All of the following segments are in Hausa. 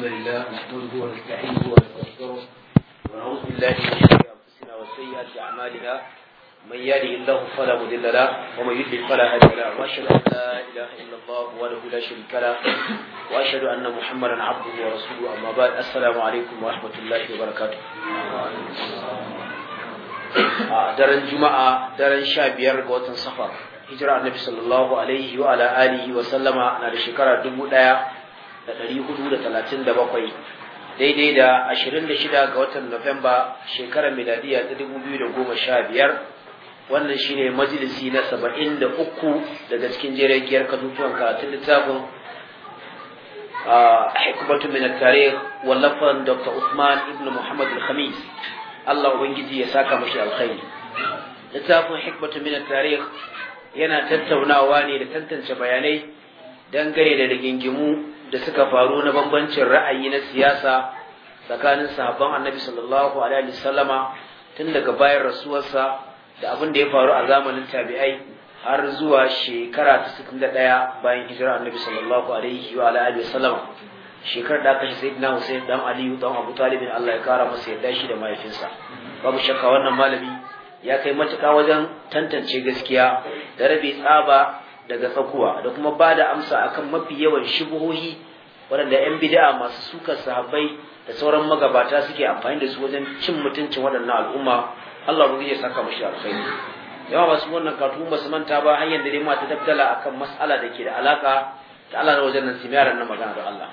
الحمد لله نحمده ونستعينه ونستغفره ونعوذ بالله من شرور انفسنا وسيئات اعمالنا من يهده الله فلا مضل له ومن يضلل فلا هادي له واشهد ان لا اله الا الله وحده لا شريك له واشهد ان محمدا عبده ورسوله اما بعد السلام عليكم ورحمه الله وبركاته a daren juma'a daren sha biyar ga watan safar hijira annabi sallallahu alaihi wa ala alihi wa sallama na da shekara dubu ɗaya da daidai da ashirin ga watan Nuwamba shekarar miladiya ta dubu wannan shine majalisi na saba'in da uku daga cikin jiragiyar kasusuwan karatun littafin hikmatu min tarikh wallafan dr usman ibn muhammad al-khamis allah ubangiji ya saka mashi alkhairi littafin hikmatu min tarikh yana tattaunawa ne da tantance bayanai dangane da rigingimu da suka faru na bambancin ra'ayi na siyasa tsakanin sahabban annabi sallallahu alaihi wasallama tun daga bayan rasuwarsa da abin da ya faru a zamanin tabi'ai har zuwa shekara ta ɗaya bayan hijirar annabi sallallahu alaihi wa wasallama shekarar da aka shi sayyidina Hussein dan Aliyu dan Abu Talib Allah ya kara masa yadda shi da mahaifinsa babu shakka wannan malami ya kai matuƙa wajen tantance gaskiya da rabe tsaba daga tsakuwa da kuma ba da amsa akan mafi yawan shubuhohi waɗanda 'yan bid'a masu sukar sahabbai da sauran magabata suke amfani da su wajen cin mutuncin waɗannan al'umma Allah ruhi ya saka mushi alkhairi yawa ba su wannan katu ba su manta ba hanyar da dai ma ta tabbala akan mas'ala da ke da alaka ta Allah na wajen nan na magana da Allah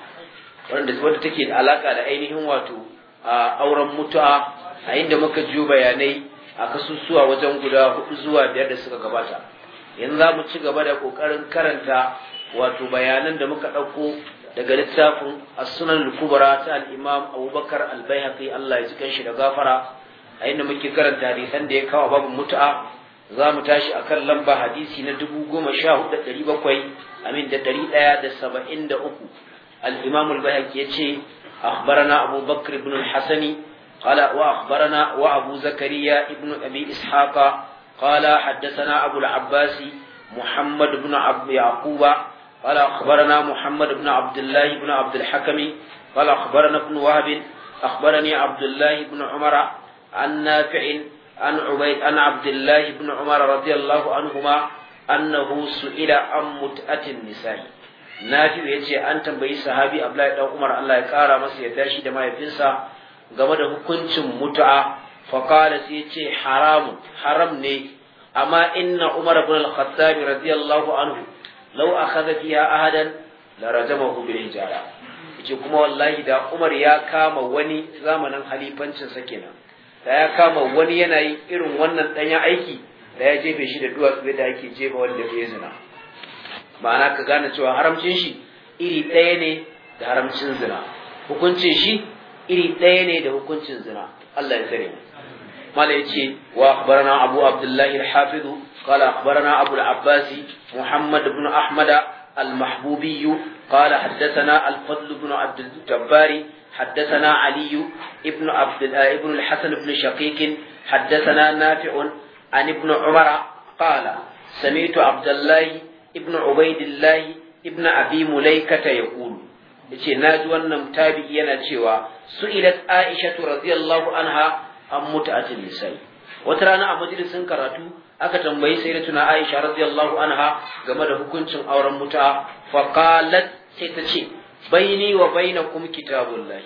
waɗanda wadda take da alaka da ainihin wato a auren mutu'a a inda muka jiyo bayanai a kasusuwa wajen guda hudu zuwa biyar da suka gabata yanzu za mu ci gaba da ƙoƙarin karanta wato bayanan da muka ɗauko daga littafin as-sunan al-kubra ta al-imam abubakar al-baihaqi Allah ya ji kanshi da gafara a inda muke karanta hadisan da ya kawo babu mutu'a za mu tashi a kan lamba hadisi na dubu goma sha hudu da ɗari bakwai amin da ɗari ɗaya da saba'in da uku al-imam al-baihaqi ya ce akhbarana abubakar bakr ibn al-hasani قال وأخبرنا وأبو زكريا ابن أبي إسحاق قال حدثنا أبو العباس محمد بن عبد يعقوب قال أخبرنا محمد بن عبد الله بن عبد الحكم قال أخبرنا ابن وهب أخبرني عبد الله بن عمر عن نافع عن عبيد عن عبد الله بن عمر رضي الله عنهما أنه سئل عن متأة النساء نافع يجي أن تنبي صحابي أبلاي دو عمر الله يقارى مسي يتاشي دما يفنسا game da hukuncin mutu'a faƙala sai ce haramun haram ne amma inna umar ibn al-khattab radiyallahu anhu law akhadha fiha ahadan la ma bil hijara yace kuma wallahi da Umar ya kama wani zamanin halifancinsa sa kenan da ya kama wani yana yin irin wannan danya aiki da ya jefe shi da duwatsu da ake jefa wanda ya zina ma'ana ka gane cewa haramcin shi iri ɗaya ne da haramcin zina hukuncin shi iri ɗaya ne da hukuncin zina Allah ya tsare mu mala yace wa akhbarana abu abdullahi al-hafiz qala akhbarana abu al-abbasi muhammad ibn ahmada المحبوبي قال حدثنا الفضل بن عبد الجبار حدثنا علي ابن عبد ابن الحسن بن شقيق حدثنا نافع عن ابن عمر قال سمعت عبد الله ابن عبيد الله ابن ابي مليكه يقول yace na ji wannan tabi'i yana cewa su'ilat aisha radiyallahu anha an muta'atin nisa'i wata rana a majalisin karatu aka tambayi tuna Aisha radiyallahu anha game da hukuncin auren muta fa qalat sai ta ce baini wa bainakum kitabullahi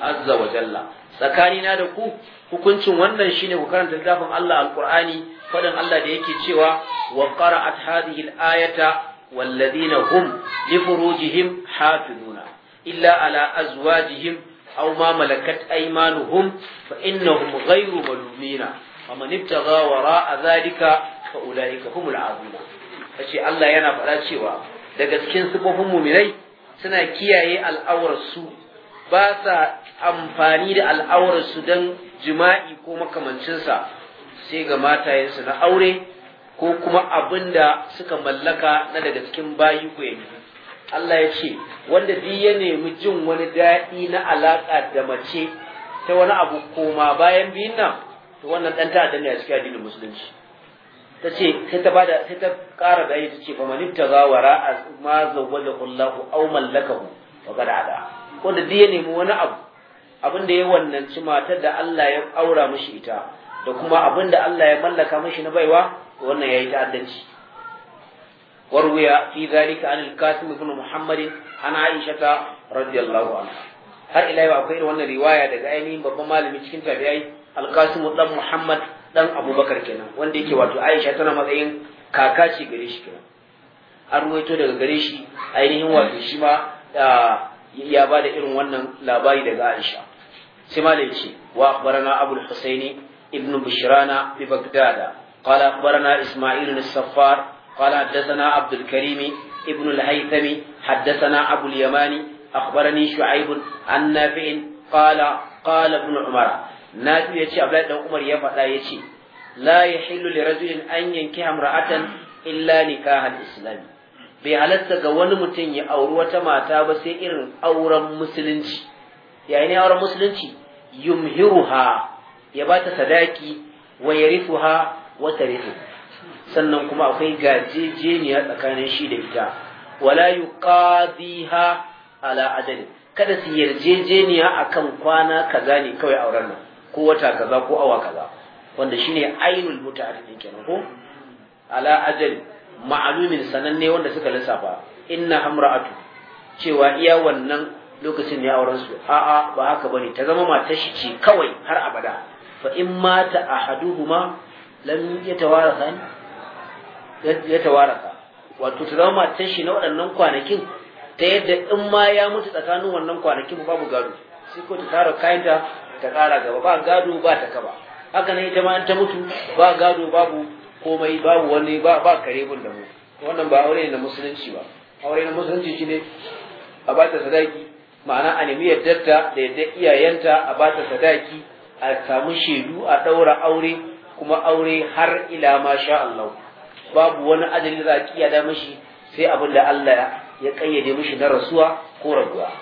azza wa jalla tsakanina da ku hukuncin wannan shine ku karanta littafin Allah alqur'ani fadan Allah da yake cewa wa qara'at hadhihi al-ayata walladhina hum li furujihim hafizuna illa ala azwajihim aw ma malakat aymanuhum fa innahum ghayru malumina wa man ibtagha wara'a zalika fa ulaika humul azima kace Allah yana faɗa cewa daga cikin sifofin muminai suna kiyaye al'awarsu ba sa amfani da al'awarsu don jima'i ko makamancinsa sai ga matayensu na aure ko kuma abin da suka mallaka na daga cikin bayi ku Allah ya ce wanda duk ya nemi jin wani daɗi na alaƙa da mace ta wani abu koma bayan biyun nan to wannan ɗan ta'adda ne a cikin addinin musulunci ta ce sai ta bada sai ta ƙara bayani ta ce faman ibtaga wara ma zawwajahu Allah aw mallakahu da. ada wanda duk ya nemi wani abu abin da ya ci matar da Allah ya aura mishi ita da kuma abin da Allah ya mallaka mishi na baiwa wannan yayi ta'addanci وروي في ذلك عن القاسم بن محمد عن عائشة رضي الله عنها har ila yau akwai wannan riwaya daga ainihin babban malami cikin tabi'ai alqasim ɗan muhammad dan abubakar kenan wanda yake wato aisha tana matsayin kaka ce gare shi kenan an ruwaito daga gare shi ainihin wato shi ma ya ba irin wannan labari daga aisha sai malam ce wa akhbarana abul husaini ibnu bishrana bi bagdada qala akhbarana isma'il as-saffar قال حدثنا عبد الكريم ابن الهيثم حدثنا أبو اليماني أخبرني شعيب عن نافع قال قال ابن عمر نافع يتي عبد الله عمر يفعل يتي لا يحل لرجل أن ينكح امرأة إلا نكاح الإسلام bai halatta ga wani mutum ya auri wata mata ba sai irin auren musulunci yayin auren musulunci yumhiruha ya bata sadaki wa yarifuha wa tarifu sannan kuma akwai gajejeniya tsakanin shi da ita wala yuqadiha ala adali kada su yarjejeniya akan kwana kaza ne kawai auren nan ko wata kaza ko awa kaza wanda shine ainul muta'addidin kenan ko ala ajali ma'lumin sananne wanda suka lissafa inna hamra'atu cewa iya wannan lokacin ne auren su a'a ba haka bane ta zama matar shi ce kawai har abada fa in mata ahaduhuma lam yatawarasa ya tawarasa wato ta zama matan shi na waɗannan kwanakin ta yadda in ma ya mutu tsakanin wannan kwanakin babu gado sai ko ta tara kayanta ta ƙara gaba ba gado ba ta kaba haka ne ita ma ta mutu ba gado babu komai babu wani ba ba kare bun da mu wannan ba aure na musulunci ba aure na musulunci shine a ba ta sadaki ma'ana a nemi yardarta da yadda iyayenta a ba ta sadaki a samu shaidu a ɗaura aure kuma aure har ila ma sha Allah babu wani ajali da za a kiyada mashi sai abin da Allah ya kayyade mashi na rasuwa ko raguwa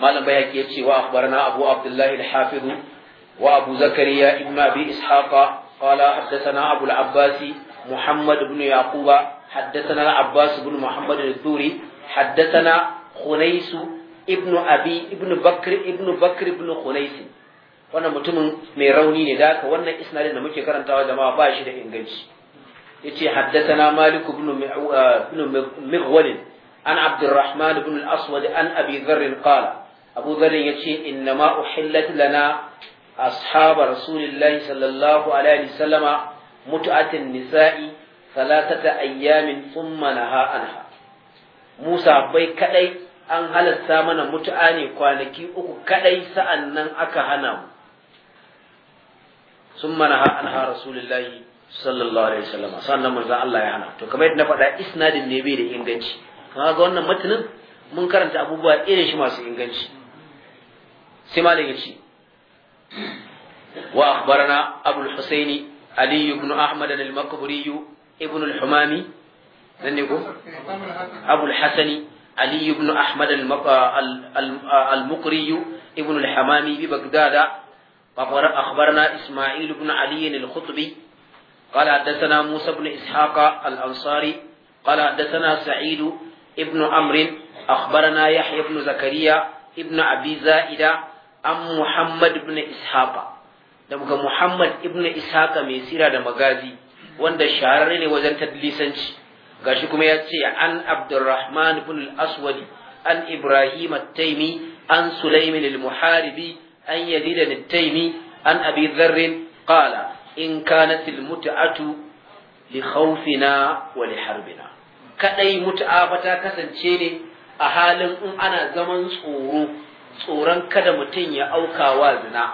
malam bayaki ya ce wa akhbarana abu abdullahi al-hafiz wa abu zakariya ibnu abi ishaqa qala haddathana abu al-abbas muhammad ibn yaquba haddathana al-abbas ibn muhammad al-thuri haddathana khunais ibn abi ibn bakr ibn bakr ibn khunais wannan mutumin mai rauni ne da haka wannan isnadin da muke karantawa jama'a ba shi da inganci yace haddathana malik ibn ah, mighwal an abdurrahman ibn al-aswad an abi dharr qala abu dharr yace inna ma uhillat lana ashab rasulillahi sallallahu alaihi wasallama mut'atin nisa'i salatata ayyamin thumma naha anha musa bai kadai an halatta mana mutu'a ne kwanaki uku kadai sa'an nan aka hana mu sun mana ha an ha rasulullahi sallallahu alaihi wasallam sannan manzo Allah ya hana to kamar yadda na faɗa isnadin ne bai da inganci kaga ga wannan matanin mun karanta abubuwa irin shi masu inganci sai malam ya ce wa akhbarana al husaini ali ibn ahmad al-makburi ibn al-humami nan ne ko al hasani ali ibn ahmad al makburi ibn al humami bi bagdada أخبرنا إسماعيل بن علي الخطبي قال حدثنا موسى بن إسحاق الأنصاري قال حدثنا سعيد ابن أمر أخبرنا يحيى بن زكريا ابن أبي زائدة عن محمد بن إسحاق daga Muhammad ibn Ishaq mai sira da magazi wanda shahararre ne wajen tadlisanci gashi kuma ya ce an Abdurrahman ibn al-Aswadi an Ibrahim an Sulaiman muharibi an da littaimi an abi zarrin qala in kanat almut'atu li khawfina wa li harbina kadai mut'a fa ta kasance ne a halin in ana zaman tsoro tsoron kada mutum ya auka wa zina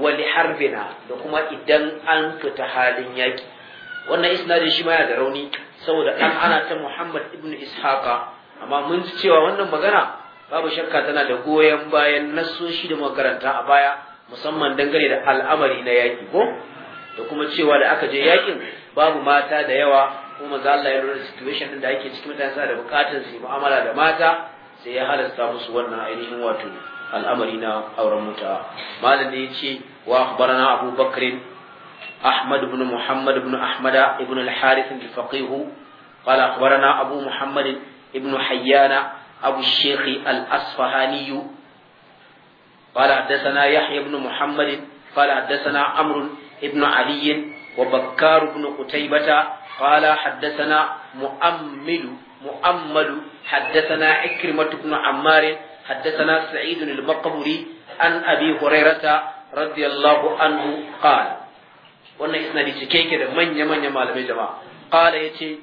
wa li harbina da kuma idan an fita halin yaki wannan isnadin shi ma da rauni saboda dan ana ta Muhammad ibn Ishaqa amma mun ji cewa wannan magana babu shakka tana da goyon bayan nassoshi da makaranta a baya musamman dangane da al'amari na yaƙi ko da kuma cewa da aka je yakin babu mata da yawa kuma za Allah ya lura situation din da ake cikin mutane sai da bukatun su mu'amala da mata sai ya halasta musu wannan ainihin wato al'amari na auren muta malam ne yace wa akhbarana Abu Bakr muhammad ibn Ahmad ibn al-Harith al-Faqih qala akhbarana abu muhammad ibn hayyana. أبو الشيخ الأصفهاني قال حدثنا يحيى بن محمد قال حدثنا عمرو بن علي وبكار بن قتيبة قال حدثنا مؤمل مؤمل حدثنا عكرمة بن عمار حدثنا سعيد المقبري عن أبي هريرة رضي الله عنه قال wannan isnadi cike yake da manya manya malamai jama'a qala yace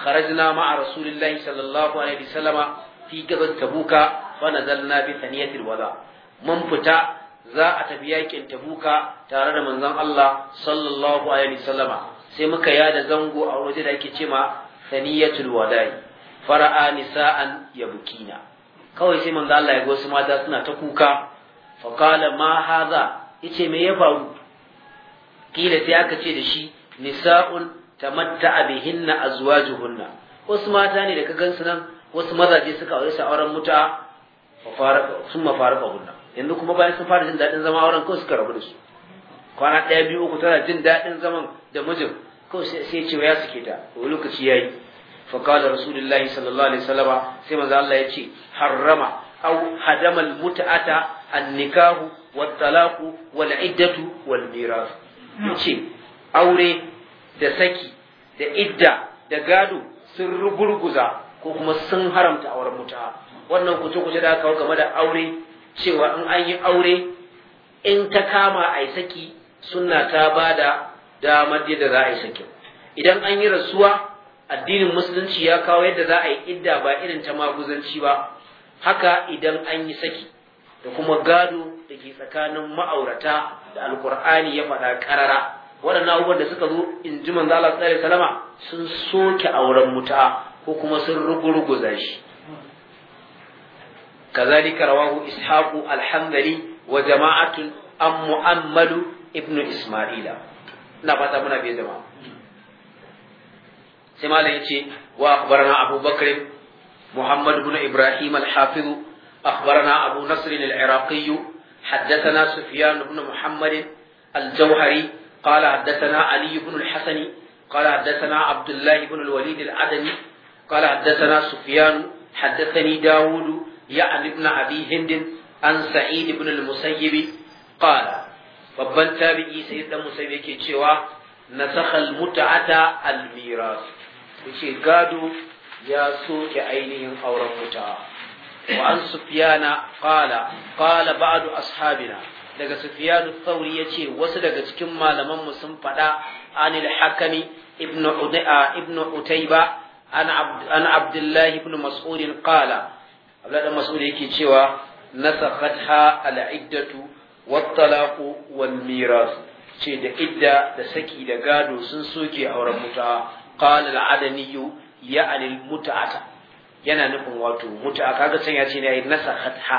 kharajna ma'a rasulillahi sallallahu alaihi wasallama fi gazat tabuka fa nazalna bi thaniyatil wada mun fita za a tafi yakin tabuka tare da manzon Allah sallallahu alaihi wasallama sai muka yada zango a waje da ake cema thaniyatul wada'i fara'a nisa'an yabkina kawai sai manzo Allah ya ga wasu mata suna ta kuka fa qala ma hadha yace me ya faru kila sai aka ce da shi nisa'un tamatta'a bihinna azwajuhunna wasu mata ne da ka gansu nan wasu mazaje suka aure su auren muta sun mafaraka hunna yanzu kuma bayan sun fara jin daɗin zama auren kawai suka rabu da su kwana ɗaya biyu uku tana jin daɗin zaman da mijin kawai sai ce ya suke ta wani lokaci ya yi fakala rasulullahi sallallahu alaihi wasallama sai maza Allah ya ce harrama au hadamal muta'ata an nikahu wal talaku wal iddatu wal miras ce aure da saki da idda da gado sun ruburguza ko kuma sun haramta auren mutuwa wannan kuce-kuce da aka game da aure cewa in an yi aure in ta kama a yi saki suna ta ba da damar yadda za a yi sakin idan an yi rasuwa addinin musulunci ya kawo yadda za a yi idda ba irin ta maguzanci ba haka idan an yi saki da kuma gado da ke tsakanin ma'aurata da alkur'ani ya faɗa ƙarara waɗannan abubuwan da suka zo in ji manzo Allah sallallahu sun soke auren muta ko kuma sun rugurguza shi kazalika rawahu ishaqu al-hanbali wa jama'atu an mu'ammadu ibnu isma'ila ina fata muna biye jama'a sai malam yace wa akhbarana abubakar muhammadu ibn ibrahim al-hafiz akhbarana abu nasr al-iraqi حدثنا سفيان بن محمد الجوهري قال حدثنا علي بن الحسن قال حدثنا عبد الله بن الوليد العدني قال حدثنا سفيان حدثني داود يعني ابن أبي هند عن سعيد بن المسيب قال babban tabi'i sai dan musaib yake cewa nasakhal mut'ata al miras yace gado ya soke ainihin auren muta wa an sufyana qala qala ba'du ashabina daga Sufyan al-Thawri yace wasu daga cikin malaman mu sun faɗa anil hakami ibnu udaa ibnu utayba an abdullahi ibn mas'ud qala abdullahi ibn mas'ud yake cewa nasakhatha al-iddatu wat-talaq wal-miras ce da idda da saki da gado sun soke auren muta qala al-adani ya al-mut'ata yana nufin wato muta'a kaga san ya ce ne nasakhatha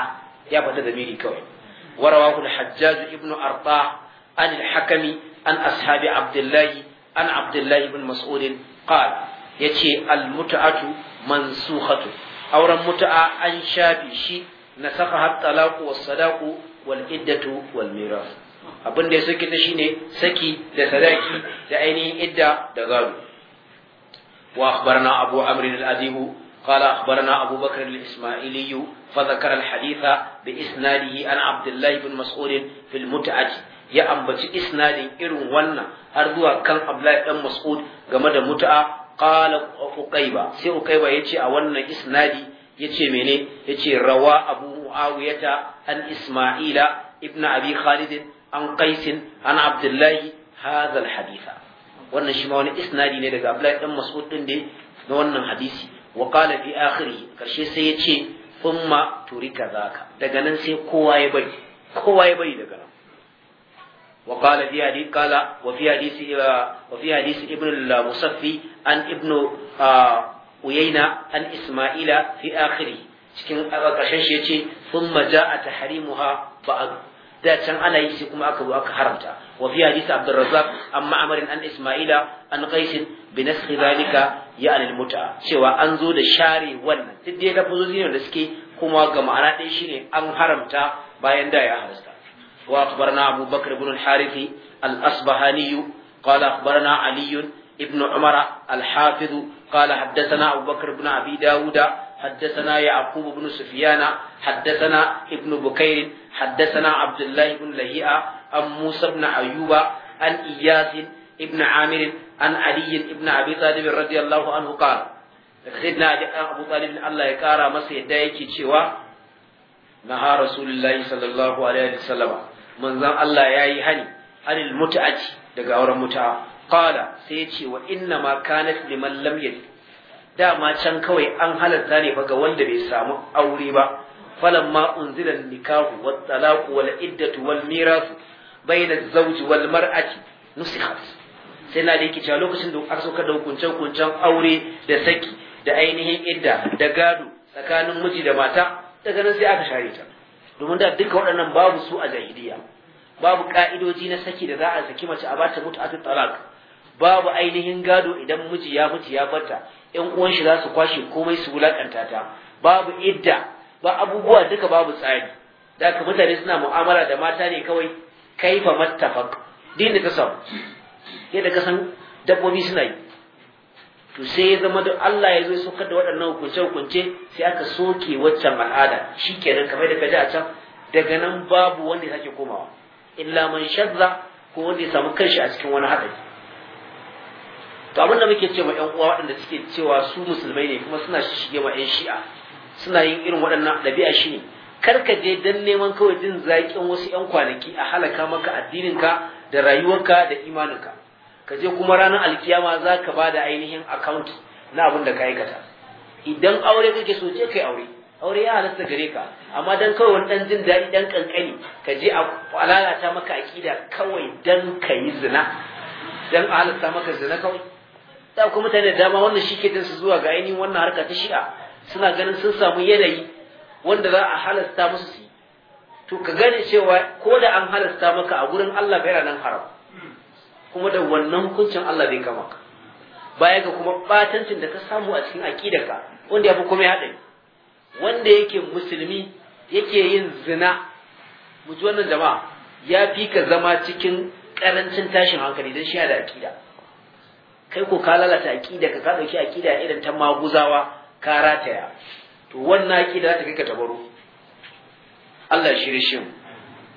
ya fada da miri kawai ورواه الحجاج ابن أرطاح عن الحكم عن أصحاب عبد الله عن عبد الله بن مسعود قال يتي المتعة منسوخة أورا متعة أن شابي شي نسخها الطلاق والصداق والعدة والميراث abin da ya soke ta shine saki da sadaki da ainihin idda da gado wa akhbarna abu amrin al-adibu قال أخبرنا أبو بكر الإسماعيلي فذكر الحديث بإسناده عن عبد Abdullahi بن مسعود في المتعة ya ambaci isnadin irin wannan har zuwa kan Abdullahi dan Mas'ud game da mut'a qala Uqayba sai Uqayba yace a wannan isnadi yace mene yace rawa Abu Muawiyata an Isma'ila ibn Abi Khalid an Qais an Abdullahi hadha al-haditha wannan shi wani isnadi ne daga Abdullahi dan Mas'ud din da na wannan hadisi wa qala fi akhirih karshe sai ya ce thumma turika zaka daga nan sai kowa bari kowa ya bari daga nan wa qala fi hadith qala wa fi hadisi wa fi hadisi ibn al-musaffi an ibn uyayna an isma'ila fi akhirih cikin karshen da can ana yi sai kuma aka aka haramta wa fi hadisi abdurrazzaq amma amarin an isma'ila an qais bi naskhi zalika ya'ni al-mut'a cewa an zo da share wannan duk dai lafazozi ne da suke kuma ga ma'ana ɗaya shine an haramta bayan da ya halasta. wa akhbarna Abu Bakr ibn al-Harithi al-Asbahani qala akhbarna Ali ibn Umar al-Hafiz qala haddathana Abu Bakr ibn Abi Dawud حدثنا يعقوب بن سفيان حدثنا ابن بكير حدثنا عبد الله بن لهيئة عن موسى بن أيوب عن إياس ابن عامر عن علي ابن أبي طالب رضي الله عنه قال سيدنا أبو طالب الله يكارى مسيح دايكي شوى نهى رسول الله صلى الله عليه وسلم من ذا الله ياي هني عن المتعة دقاور متعة قال سيتي وإنما كانت لمن لم يجد dama can kawai an halarta ne ga wanda bai samu aure ba falamma unzila nikahu wat talaqu wal iddatu wal mirasu bayna az-zawj wal mar'ati nusikhat sai na da lokacin da aka sauka da hukuncen hukuncen aure da saki da ainihin idda da gado tsakanin miji da mata daga nan sai aka share ta domin da duka waɗannan babu su a jahiliya babu ka'idoji na saki da za a saki mace a ba ta mutu ta talak babu ainihin gado idan miji ya mutu ya bata ƴan uwan shi za su kwashe komai su wulakanta ta babu idda ba abubuwa duka babu tsari da mutane suna mu'amala da mata ne kawai kaifa mattafaq din da ka samu yadda ka san dabbobi suna yi to sai ya zama da Allah ya zo ya saukar da waɗannan hukunce hukunce sai aka soke waccan al'ada shikenan kamar da ka a can daga nan babu wanda ya sake komawa illa man shazza ko wanda ya samu kanshi a cikin wani haɗari to abin da muke cewa ƴan uwa waɗanda suke cewa su musulmai ne kuma suna shige ma ƴan shi'a suna yin irin waɗannan ɗabi'a shi ne kar ka je dan neman kawai jin zaƙin wasu ƴan kwanaki a halaka maka addininka da rayuwarka da imaninka ka je kuma ranar alkiyama za ka ba da ainihin account na abin da ka aikata idan aure kake so je kai aure aure ya halatta gare ka amma dan kawai wani dan jin daɗi dan kankani ka je a lalata maka akida kawai dan ka yi zina dan a halatta maka zina kawai da kuma mutane da dama wannan shike din su zuwa ga ainihin wannan harka ta shi'a suna ganin sun samu yanayi wanda za a halasta musu su to ka gane cewa ko da an halasta maka a gurin Allah bai ranan haram kuma da wannan hukuncin Allah zai kama ka baya ga kuma batancin da ka samu a cikin aqidarka wanda yafi komai haɗari wanda yake musulmi yake yin zina mu ji wannan jama'a ya fi ka zama cikin karancin tashin hankali dan shi da aqida kai ko ka lalata aqida ka ka dauki aqida irin ta maguzawa ka rataya to wannan aqida ta kai ka tabaro Allah shirishin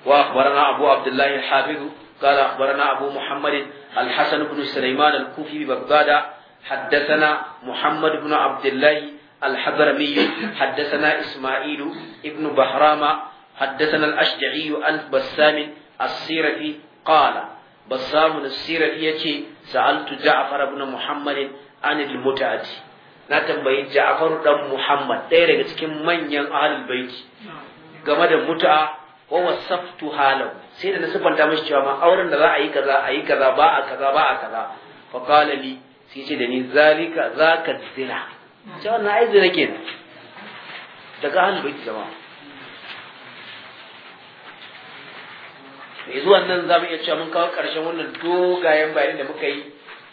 wa akhbarana Abu Abdullah al-Hafiz قال أخبرنا أبو محمد الحسن بن سليمان الكوفي ببغداد حدثنا محمد بن عبد الله الحضرمي حدثنا إسماعيل ابن بهرام حدثنا الأشجعي عن بسام السيرفي قال بسام السيرفي يتي سألت جعفر بن محمد عن المتعة na tambayi Ja'far dan Muhammad ɗaya daga cikin manyan ahlul baiti game da mut'a wa wasaftu halahu sai da na sifanta mishi cewa ma auren da za a yi kaza a yi kaza ba a kaza ba a kaza fa qala li sai ce da ni zalika zaka zina cewa na ai zina kenan daga ahlul bait jama'a yanzu wannan za mu iya cewa mun kawo ƙarshen wannan dogayen bayanin da muka yi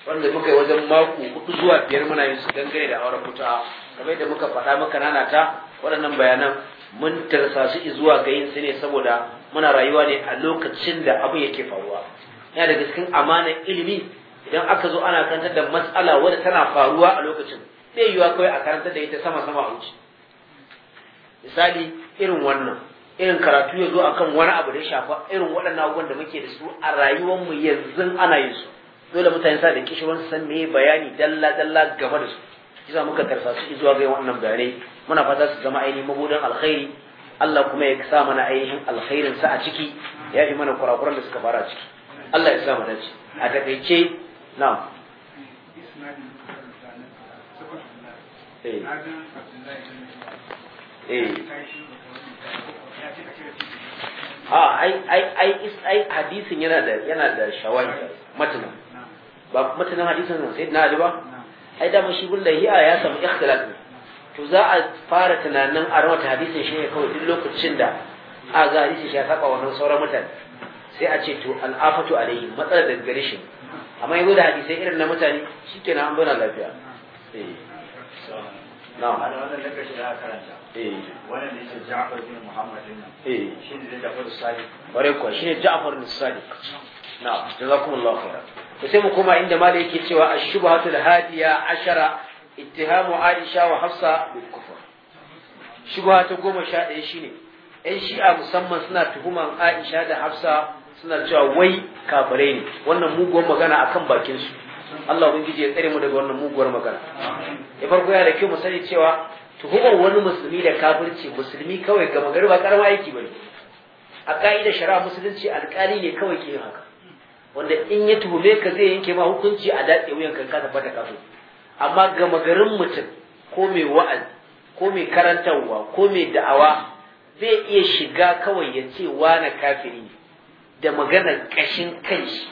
wanda muka yi wajen mako hudu zuwa biyar muna yin su dangane da auren mutuwa kamar yadda muka faɗa maka nanata waɗannan bayanan mun shi zuwa ga yin su ne saboda muna rayuwa ne a lokacin da abin yake faruwa yana da gaskin amanar ilimi idan aka zo ana karantar da matsala wadda tana faruwa a lokacin zai yiwuwa kawai a karantar da ita sama sama a wuce misali irin wannan irin karatu ya zo akan wani abu da ya shafa irin waɗannan abubuwan da muke da su a mu yanzu ana yin su dole mutane sa da kishiwan san me bayani dalla dalla game da su yasa muka karsasu zuwa ga wannan bayanai muna fata su zama ainihin mabudan alkhairi Allah kuma ya sa mana ainihin alkhairin sa a ciki ya yi mana kurakuran da suka fara a ciki Allah ya sa mu dace a takaice na'am eh eh a ah, ai ai ai hadisin yana da yana da shawai matanin ba matanin hadisin sai na ba ai da mushi bin lahiya ya samu ikhtilaf ne to za a fara tunanin a rawata hadisin shi ne kawai duk lokacin da a ga hadisin shi ya saba wannan sauran mutane sai a ce to al'afatu alaihi matsalar da gare shi amma yanzu da hadisai irin na mutane shikenan an bana lafiya eh na'am ana wannan da kashi da karanta eh wannan da yake Ja'far bin Muhammad din nan eh. shi ne da Ja'far sadiq bare ko ne Ja'far bin sadiq na jazakumullahu khairan to sai mu koma inda malai yake cewa ash-shubhatul hadiya ashara ittihamu Aisha wa Hafsa bil kufr shubha ta goma sha ɗaya shine ƴan shi'a musamman suna tuhuman Aisha da Hafsa suna cewa wai kafirai ne wannan muguwar magana akan bakin su Allah ubangiji ya tsare mu daga wannan muguwar magana ya farko ya da kyau mu sani cewa tuhumar wani musulmi da kafirci musulmi kawai ga magariba karama aiki bane a ka'idar shari'a musulunci alƙali ne kawai ke yin haka wanda in ya tuhume ka zai yanke ma hukunci a daɗe wuyan kan ka tabbata kafu amma gama garin mutum ko mai wa'azi ko mai karantarwa ko mai da'awa zai iya shiga kawai ya ce wani kafiri da maganar ƙashin kanshi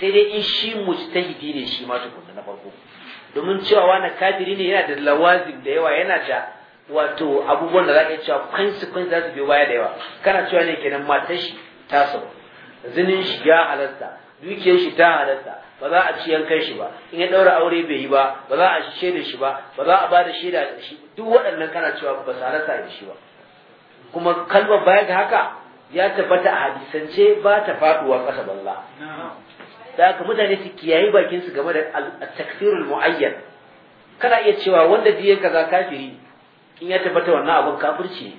sai dai in shi mujtahidi ne shi ma tukunna na farko domin cewa wani kafiri ne yana da lawazim da yawa yana da wato abubuwan da za ka yi cewa consequence za su biyo baya da yawa kana cewa ne kenan matar shi ta sau zinin shiga halarta dukiyar shi ta halatta ba za a ci yankan shi ba in ya daura aure bai yi ba ba za a shaida shi ba ba za a ba da shaida shi duk waɗannan kana cewa ba su da shi ba kuma kalmar baya ga haka ya tabbata a hadisance ba ta faduwa ƙasa balla da haka mutane su kiyaye bakin su game da takfirul muayyan kana iya cewa wanda diye kaza kafiri in ya tabbata wannan abun kafirci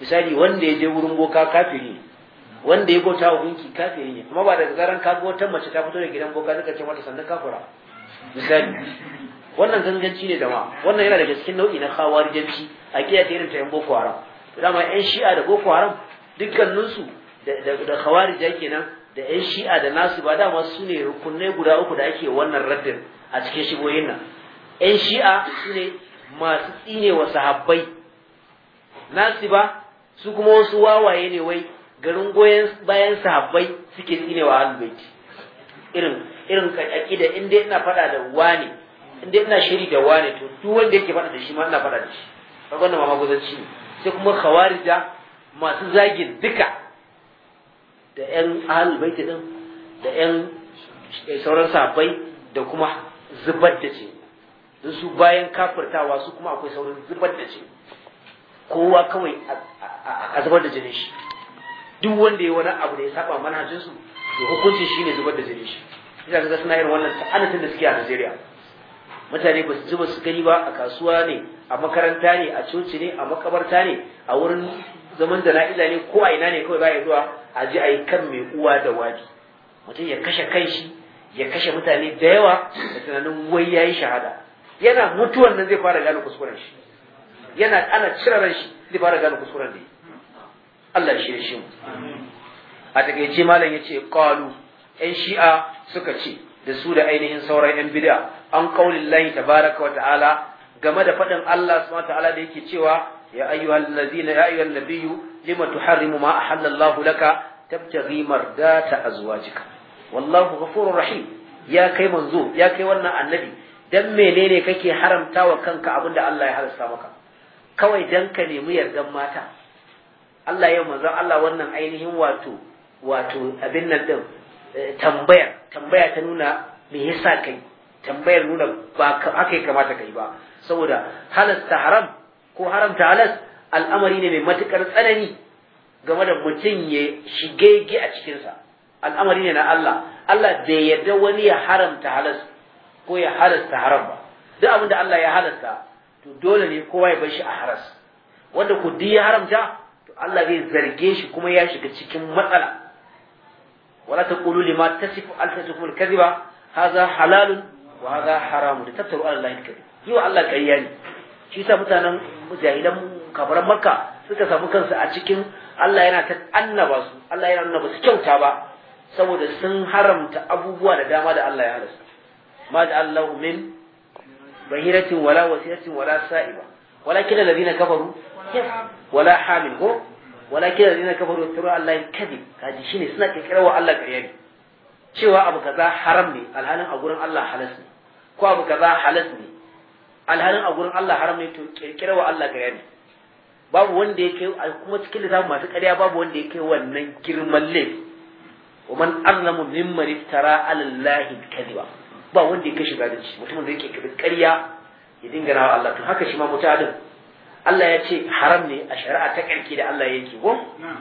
misali wanda ya je wurin boka kafiri wanda ya bauta wa gunki kafiri ne kuma ba daga zaran ka ga wata mace ta fito da gidan boka zaka ce mata sandan kafura misali wannan zanganci ne ma wannan yana daga cikin nau'i na khawarijanci a kiyaye irin ta yan boko haram dama yan shi'a da boko haram dukkaninsu da khawarija kenan da yan shi'a da nasu ba dama su ne rukunai guda uku da ake wannan raddin a cikin shigoyin nan yan shi'a su ne masu tsine wa sahabbai nasu ba su kuma wasu wawaye ne wai garin goyen bayan sahabbai suke tsine wa albaiti irin irin aqida in dai ina fada da wani in dai ina shiri da wani to duk wanda yake fada da shi ma ina fada da shi kaga wannan ma magozanci ne sai kuma khawarija masu zagin duka da yan albaiti din da yan eh, sauran sahabbai da kuma zubar da ce su bayan kafirtawa su kuma akwai sauran zubar da ce kowa kawai a zubar da jinin shi duk wanda ya wani abu da ya saba manhajin su to hukuncin shine zubar da jini shi ina ga suna yin wannan ta'anatin da suke a Najeriya mutane ba su ji ba su gani ba a kasuwa ne a makaranta ne a coci ne a makabarta ne a wurin zaman da na'ila ne ko a ina ne kawai baya zuwa a ji a yi kan mai uwa da wadi mutum ya kashe kanshi ya kashe mutane da yawa da tunanin wai ya yi shahada yana mutuwan nan zai fara gane kuskuren shi yana ana cire ran shi zai fara gane kuskuren da Allah shi shi a takaice malam yace qalu yan shi'a suka ce da su da ainihin sauran yan bid'a an qaulillahi tabaraka wa ta'ala game da faɗin Allah subhanahu ta'ala da yake cewa ya ayyuhal ladzina ya ayyuhan nabiyyu lima harrimu ma ahallallahu laka tabtaghi azuwa jika wallahu ghafurur rahim ya kai manzo ya kai wannan annabi dan menene kake haramtawa kanka abinda Allah ya halasta maka kawai dan ka nemi yardan mata Allah ya manzon Allah wannan ainihin wato wato abin nan din eh, tambaya tambaya ta nuna me yasa kai tambayar nuna ba haka ya kamata kai ba saboda ta haram ko haramta halas al'amari ne mai matukar tsanani game da mutum ya shige gi a cikinsa al'amari ne na Allah Allah bai yarda wani ya haramta halas ko ya halasta haram ba duk abinda Allah ya halasta to dole ne kowa ya bar shi a haras wanda ku ya haramta Allah zai zarge shi kuma ya shiga cikin matsala wala ta taqulu lima tasifu alsatukum ba, hadha halalun wa hadha haramun tattaru ya Allah kai. yiwa Allah ƙarya ne shi sa mutanen jahilan kafaran Makka suka samu kansu a cikin Allah yana ta annaba su Allah yana annaba su kyauta ba saboda sun haramta abubuwa da dama da Allah ya halasta ma da Allah min bahiratin wala wasiyatin wala sa'iba walakin alladhina kafaru wala hamil ko wala walakin alladhina kafaru yaftaru Allah kadhib kaji shine suna wa Allah ƙarya ne cewa abu kaza haram ne alhalin a gurin Allah halas ne ko abu kaza halas ne alhalin a gurin Allah haram ne to wa Allah ƙarya ne babu wanda ya kai kuma cikin littafin masu ƙarya babu wanda ya kai wannan girman laifi wa man azlamu mimman iftara ala Allah kadhiba ba wanda ya kai shiga da shi mutumin da yake kirkira ya dinga rawa Allah to haka shi ma mutadin Allah ya ce haram ne a shari'a ta karki da Allah ya yanke ko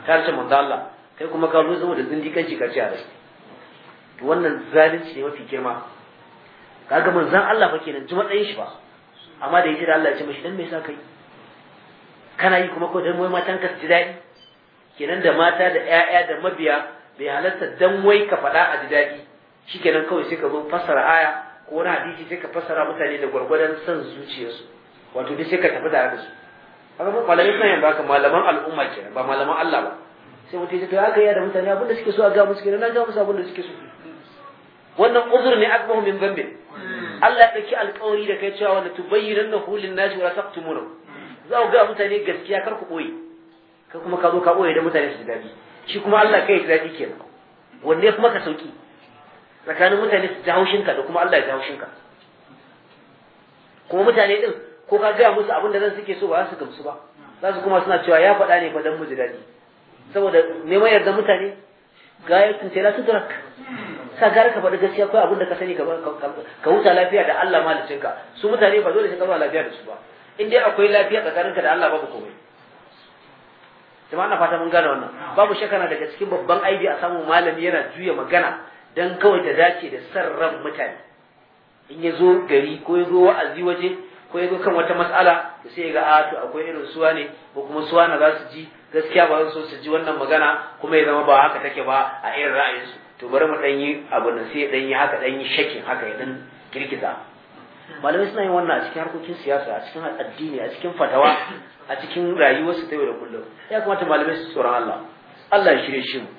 ta ce manzo Allah kai kuma ka zo saboda zindikanci ka ce a To wannan zalunci ne mafi girma kaga manzon Allah fa kenan ji matsayin shi ba amma da yake da Allah ya ce mashi dan me yasa kai kana yi kuma ko dan wai matan ka ji daɗi kenan da mata da ƴaƴa da mabiya bai halatta dan wai ka faɗa a ji daɗi shikenan kawai sai ka zo fassara aya ko wani hadisi sai ka fassara mutane da gwargwadon son zuciyarsu wato dai sai ka tafi da su haka mu malamai suna yin haka malaman al'umma ke ba malaman Allah ba sai mutum ya to haka ya da mutane abin da suke so a ga musu kenan na ga musu abin da suke so wannan uzur ne akbahu min dhanbin Allah ya dauki alƙawari da kai cewa na tubayyinannahu lin-nasi wa la za ku ga mutane gaskiya kar ku boye ka kuma ka zo ka boye da mutane su dadi shi kuma Allah kai ya dadi kenan wanne kuma ka sauki tsakanin mutane su ji haushinka da kuma Allah ya ji haushinka kuma mutane din ko ka gaya musu abin da zan suke so ba za su gamsu ba za su kuma suna cewa ya faɗa ne faɗan mu daɗi saboda neman yarda mutane ga gayatun tela su drak ka gara ka faɗi gaskiya kai abin da ka sani ka huta lafiya da Allah malicinka su mutane ba dole sai ka zo lafiya da su ba in dai akwai lafiya tsakaninka da Allah babu komai jama'a na fata mun gane wannan babu shakka na daga cikin babban aibi a samu malami yana juya magana dan kawai da dace da san ran mutane in ya zo gari ko ya zo wa'azi waje ko ya kan wata matsala da sai ga a ah, to akwai irin suwa ne ko kuma suwa na za ji gaskiya ba su su ji wannan magana kuma ya zama ba haka take ba a irin ra'ayin su to bari mu dan yi abu nan sai dan yi haka dan yi shakin haka ya dan kirkiza malamai suna yin wannan a cikin harkokin siyasa a cikin addini a cikin fatawa a cikin su ta yau da kullum ya kamata malamai su tsoron Allah Allah ya shirye shi mu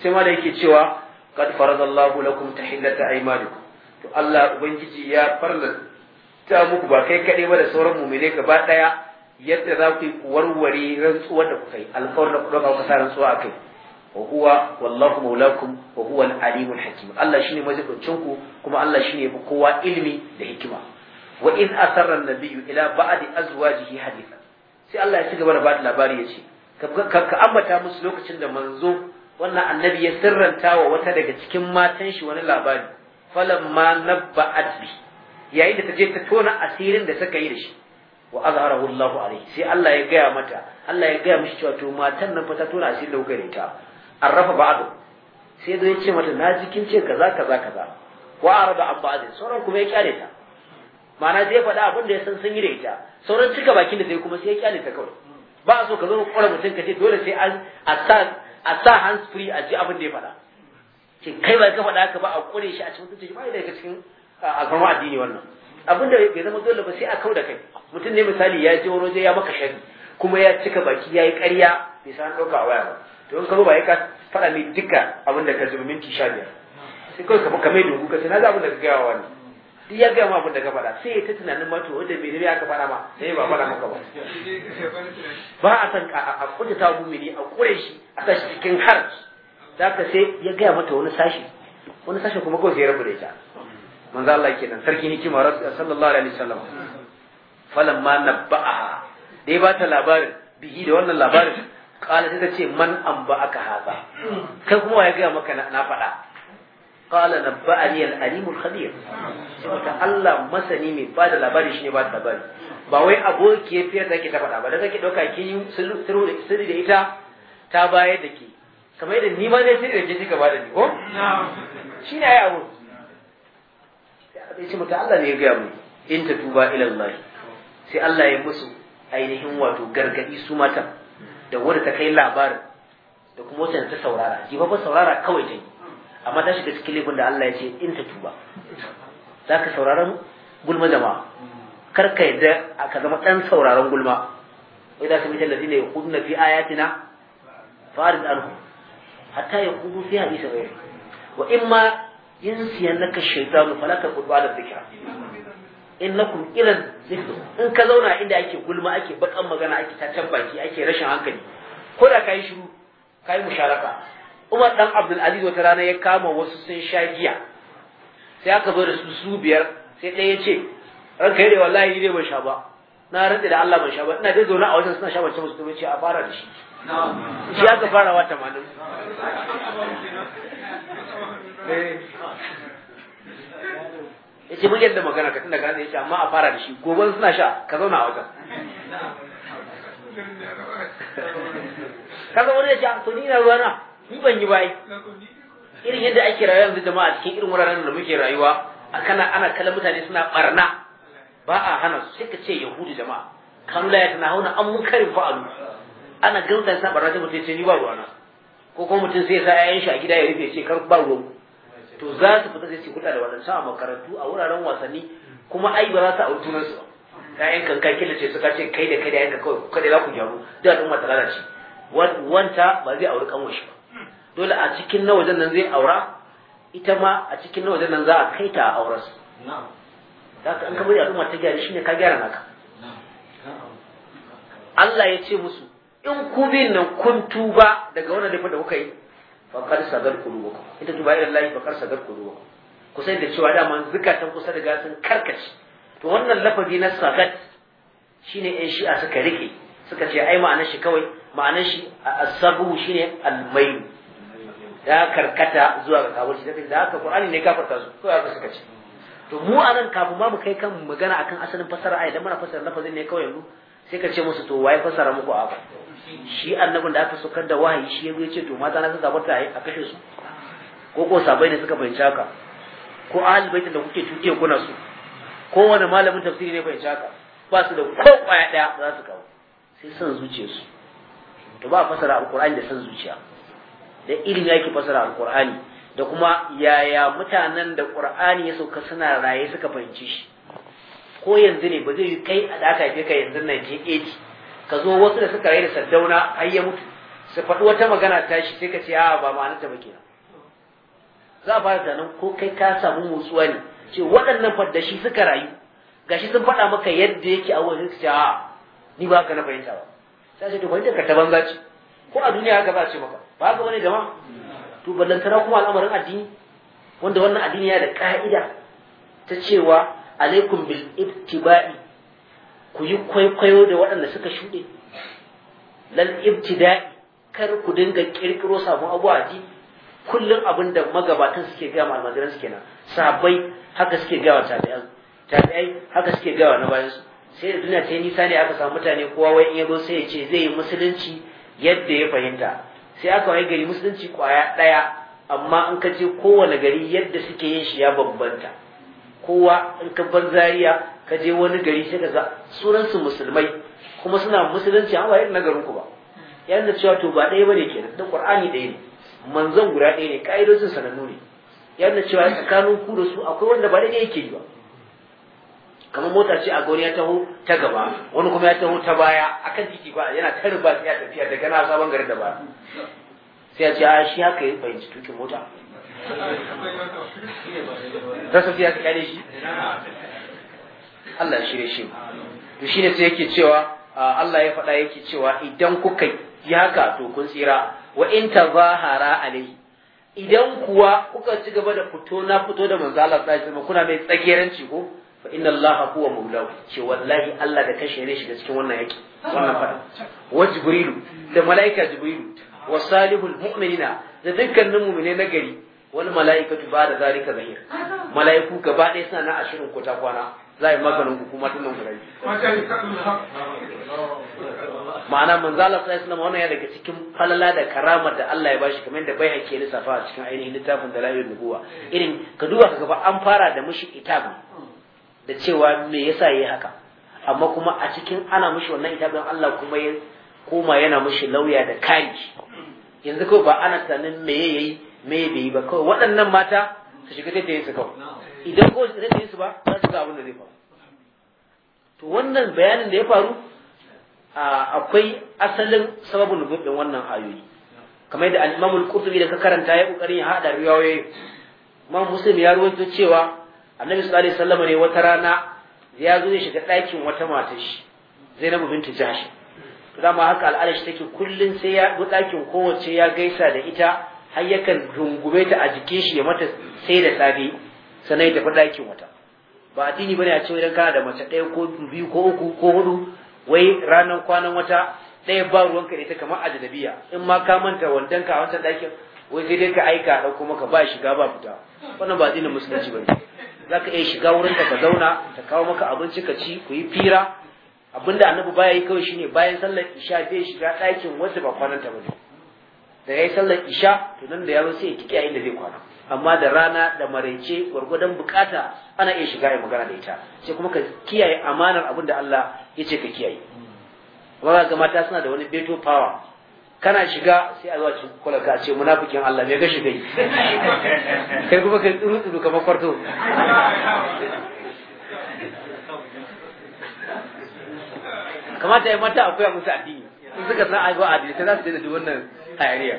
sai ma da yake cewa qad faradallahu lakum tahillata aymanikum to Allah ubangiji ya farla ta muku ba kai kaɗai ba da sauran mumine gaba ɗaya yadda za ku yi warware rantsuwar da kuka yi alƙawar da ku ɗauka kuka sa rantsuwa a kai wa huwa wallahu maulakum wa huwa al-alimul hakim Allah shine majibincin ku kuma Allah shine yafi kowa ilimi da hikima wa in asarra an-nabiyyu ila ba'di azwajihi hadithan sai Allah ya ci gaba da bada labari yace ka ambata musu lokacin da manzo wannan annabi ya sirranta wa wata daga cikin matan shi wani labari falamma nabba'at bi yayin da ta je ta tona asirin da suka yi da shi wa azharahu Allahu alayhi sai Allah ya gaya mata Allah ya gaya mishi cewa to matan nan fa ta tona asirin da kuka ta arrafa ba'du sai dai ya ce mata na ji kin ce kaza kaza kaza wa arada an ba'd sauran kuma ya kyale ta ma'ana zai faɗa abin da ya san sun yi da ita sauran cika bakin da sai kuma sai ya kyale ta kawai ba so ka zo ka kora mutum ka ce dole sai an a sa hands free a ji abin da ya faɗa kai ba ka faɗa haka ba a kore shi a cikin shi ba daga cikin alfarma addini wannan abin da bai zama dole ba sai a kau da kai mutum ne misali ya je wani ya maka shari kuma ya cika baki ya yi ƙarya bai san an ɗauka a waya ba to in ka zo ba ya ka faɗa mai duka abin da ka zuba minti sha biyar sai kawai ka mai dogo ka sai na za abin da ka gaya wa wani duk ya gaya ma abin da ka faɗa sai ya ta tunanin ma to wanda bai zai aka faɗa ma sai ba faɗa maka ba ba a san a kuta ta ne a kure shi a sa shi cikin har za ka sai ya gaya mata wani sashi wani sashi kuma kawai sai ya rabu da ita manzo Allah kenan sarki hikima sallallahu alaihi wasallam ma nabba'a dai ba ta labarin bihi da wannan labarin qala sai ta ce man ba aka haza kai kuma ya gaya maka na faɗa qala nabba'ani al-alim al-khabir saboda Allah masani mai ba da labari shine ba da labari ba wai aboki ya fiye take ta faɗa ba da kake dauka ki sirri da ita ta bayar da ke kamar yadda ni ma dai sirri da ke ka ba da ni ko shine ai abu sai ce mata Allah ne ya gaya mu in ta tuba ila Allah sai Allah ya musu ainihin wato gargadi su mata da wanda ta kai labarin da kuma wata ta saurara ji ba saurara kawai ta yi amma ta shiga cikin laifin da Allah ya ce in ta tuba za ka sauraron gulma jama'a kar ka yadda ka zama ɗan sauraron gulma wai za ka zina ya ne na fi ayatina farid anhu hatta ya kudu fi hadisa bai wa in ma yansiyannaka shaytanu fala taqul ba'da dhikra innakum da zikr in ka zauna inda ake gulma ake bakan magana ake ta tabbaki ake rashin hankali ko da kai shiru kai musharaka Umar dan Abdul Aziz wata rana ya kama wasu sun sha giya sai aka zo da su su biyar sai ɗaya ya ce ranka yi da wallahi ne ban sha ba na rantsi da Allah ban sha ba ina dai zaune a wajen suna sha ce musu ce a fara da shi ga fara wata tamanin ya ce mun da magana ka tunda gane ya ce amma a fara da shi gobe suna sha ka zauna a wajen kaga wani ya ce ah, to ni na ni ban yi bai irin yadda ake rayuwa yanzu jama'a cikin irin wuraren da muke rayuwa a kana ana kallon mutane suna barna ba a hana su sai ka ce yahudu jama'a kanu la hauna an karin fa'alu ana gaudan sa barata mutum ce ni ba ruwana ko kuma mutum sai sa ƴaƴan shi a gida ya rufe ce kar ba ruwan to za su fita sai su kuɗa da wannan a makarantu a wuraren wasanni kuma ai ba za su auri tunan su ƴaƴan kan ka killace su ka ce kai da kai da ƴaƴan kawai kada za ku gyaru da al'umma ta lalace wanta ba zai auri kan shi ba dole a cikin na wajen nan zai aura ita ma a cikin na wajen nan za a kai ta a auren su haka an kamar al'umma ta gyara shine ka gyara naka Allah ya ce musu in ku bin nan kun tuba daga wannan laifin da kuka yi fa qad sadar ruwa ita tuba ila Allah fa qad sadar ruwa ku sai da cewa dama zukatan kusa da sun karkace to wannan lafazi na sagat shine shi shi'a suka rike suka ce ai ma'anar shi kawai ma'anar shi asabu shine almayu da karkata zuwa ga shi da haka qur'ani ne kafarta su ko haka suka ce to mu anan kafin ma mu kai kan magana akan asalin fasara ai dan muna fasara lafazin ne kawai yanzu sai ka ce musu to waye fasara muku a shi annabin da aka saukar da wahayi shi ya ce to mata na sun ta a kashe su ko ko sabai ne suka fahimci haka ko ahli baitin da kuke tuke kuna su ko wani malamin tafsiri ne fahimci haka ba su da ko kwaya daya za su kawo sai son zuciyarsu to ba fasara alqur'ani da son zuciya da ilimi yake fasara alqur'ani da kuma yaya mutanen da qur'ani ya sauka suna raye suka fahimci shi ko yanzu ne ba zai kai a da aka yanzu nan je 1980 ka zo wasu da suka rayu da saddauna har ya mutu su faɗi wata magana ta shi sai ka ce a ba ma'anar ta bake za a fara nan ko kai ka samu motsuwa ne ce waɗannan fadda shi suka rayu gashi sun faɗa maka yadda yake a wajen su ce a ni ba ka na fahimta ba sai ce to fahimta ka ta banza ce ko a duniya haka za a ce maka ba haka wani jama'a to ballantana kuma al'amarin addini wanda wannan addini yana da ka'ida ta cewa alaikum bil ibtiba'i ku yi kwaikwayo da waɗanda suka shuɗe lal ibtida'i kar ku dinga kirkiro sabon abu a ji kullum abin da magabatan suke gaya ma suke na sabai haka suke gaya wa tabi'an tabi'ai haka suke ga wa na bayan su sai da duniya ta yi nisa ne aka samu mutane kowa wai in yazo sai ya ce zai yi musulunci yadda ya fahimta sai aka wai gari musulunci kwaya ɗaya amma in ka je kowane gari yadda suke yin shi ya bambanta kowa in ka bar Zariya. ka je wani gari sai ka ga sunansu musulmai kuma suna musulunci amma irin na garin ku ba yana cewa to ba ɗaya bane kenan dan qur'ani ɗaya ne manzon guda ɗaya ne ka'idojin sanannu ne yana cewa tsakanin ku da su akwai wanda ba ɗaya yake yi ba kamar mota ce a gori ya taho ta gaba wani kuma ya taho ta baya akan titi ba yana ta sai ya tafiya daga na sabon garin da ba sai ya ce a shi haka yi fahimci tukin mota ta safiya kare shi Allah ya shirye shi to shine sai yake cewa Allah ya faɗa yake cewa idan kuka yi haka to kun tsira wa in tazahara alai idan kuwa kuka ci gaba da fito na fito da manzo Allah sai kuma kuna mai tsagiranci ko fa inna Allah huwa maulahu ce wallahi Allah da kashe ne shiga cikin wannan yake wannan faɗa wa jibrilu da malaika jibrilu wa salihul mu'minina da dukkanin mu'mine na gari Wani malaikatu ba da zalika zahir malaiku gaba ɗaya suna na ashirin kota kwana za a yi maganin ku kuma tunan gurai ma'ana manzala sallallahu alaihi wannan ya daga cikin falala da karamar da Allah ya bashi kamar yadda bai hake lissafa a cikin ainihin littafin da layu nubuwa irin ka duba ka gaba an fara da mushi itabi da cewa me yasa yayi haka amma kuma a cikin ana mushi wannan itabin Allah kuma ya koma yana mushi lauya da kari yanzu ko ba ana tunanin me yayi me bai ba kawai waɗannan mata su shiga tattayin su kawai idan ko zai yi su ba za su ga abin da zai faru to wannan bayanin da ya faru akwai asalin sababin nububin wannan ayoyi kamar da al-Imam al da ka karanta ya kokarin ya hada riwayoyi Imam Muslim ya rawaito cewa Annabi sallallahu alaihi wasallam ne wata rana ya zo ya shiga ɗakin wata matar shi Zainabu binti Jahsh dama haka shi take kullun sai ya bi ɗakin kowace ya gaisa da ita har yakan rungume ta a jikin shi ya mata sai da safe sannan ya tafi ɗakin wata ba addini bane a ce idan kana da mace ɗaya ko biyu ko uku ko hudu wai ranar kwanan wata ɗaya ba ruwanka ita kamar ajnabiya in ma ka manta wandan a wancan ɗakin wai sai dai ka aika a ɗauko maka ba shiga ba fita wannan ba addinin musulunci bane za ka iya shiga wurin ka zauna ka kawo maka abinci ka ci ku yi fira abinda annabi baya yi kawai shine bayan sallar isha zai shiga ɗakin wanda ba kwananta bane da yayi sallar isha to nan da yaro sai ya kike yayin da zai kwana amma da rana da maraice gwargwadon bukata ana iya shiga ya magana da ita sai kuma ka kiyaye amanar abin da Allah ya ce ka kiyaye wanda ga mata suna da wani beto power kana shiga sai a zuwa cikin kulaka ce munafikin Allah me ga shiga kai kai kuma kai tsuru tsuru kamar kwarto kamata ya mata akwai musu addini sun suka san aiwa addini sai za su daina duk wannan hayaniya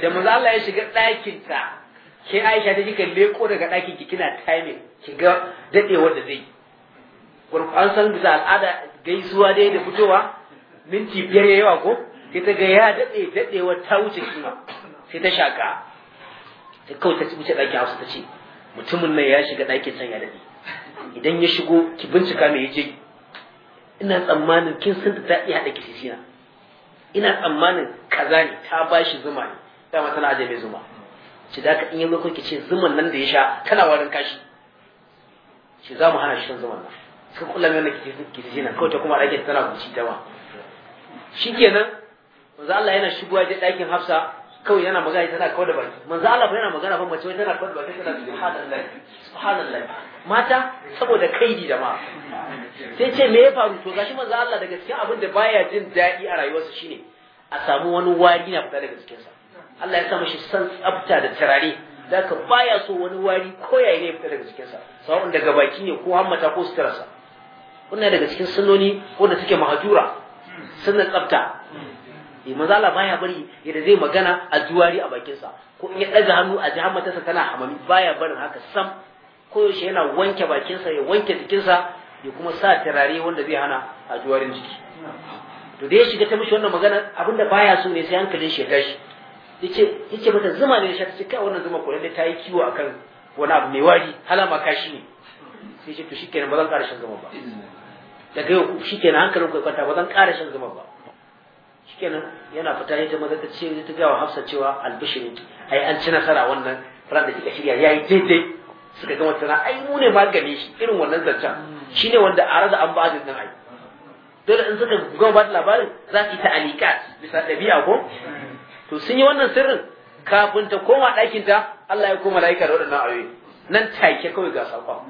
da manzo Allah ya shiga ɗakin ta ke Aisha ta kika leko daga ɗakin ki kina timing ki ga daɗewar da zai gurfan san bisa al'ada gaisuwa dai da fitowa minti biyar ya yawa ko sai ta ga ya daɗe daɗewar ta wuce kima sai ta shaka ta kawai ta wuce ɗakin hausa ta ce mutumin nan ya shiga ɗakin can ya daɗe idan ya shigo ki bincika me yaje ina tsammanin kin san ta iya haɗa kisisina ina tsammanin kaza ne ta bashi zuma ne dama tana aje mai zuma ci da ka in yazo kai ce zuman nan da ya sha kana warin kashi shi za mu hana shi shan zuman nan suka kula mai na ci nan kawai ta kuma ɗakin tana guci ta ma kenan, manzo Allah yana shigowa da ɗakin Hafsa kawai yana magana tana kawai da baki manzo Allah fa yana magana fa mace wai tana kawai da baki tana subhanallahi subhanallahi mata saboda kaidi da ma sai ce me ya faru to gashi manzo Allah daga cikin abin da baya jin daɗi a rayuwarsa shine a samu wani wari na fita daga cikinsa Allah ya sa mashi san tsafta da turare da ka baya so wani wari ko yayi ne fita daga sa sawa'un daga baki ne ko hammata ko sa wannan daga cikin sunnoni da suke mahajura sunan tsafta eh manzo Allah baya bari yadda zai magana a juwari a bakinsa ko in ya daga hannu a ji sa tana hamami baya barin haka sam ko yaushe yana wanke bakinsa ya wanke jikinsa ya kuma sa turare wanda zai hana a juwarin jiki to da ya shiga ta mishi wannan magana abinda baya so ne sai hankalin shi ya tashi yake yake mata zuma ne sha tace kai wannan zuma ko lalle ta yi kiwo akan wani abu mai wari halama kashi ne sai ce to shikenan ba zan ƙara shan zuma ba daga yau shikenan hankalin ku kwanta ba zan ƙara shan zuma ba shikenan yana fita ita maza ta ce ta ga wa Hafsa cewa albishiri ai an ci nasara wannan ran da kika shirya yayi daidai suka gama wata ai mu ne magani shi irin wannan zancen shine wanda a raza an ba da nan ai dole in suka gama ba da labarin za su yi ta'alikat bisa ɗabi'a ko to sun yi wannan sirrin kafin ta koma ɗakin ta Allah ya koma laika da waɗannan ayoyi nan take kawai ga sakon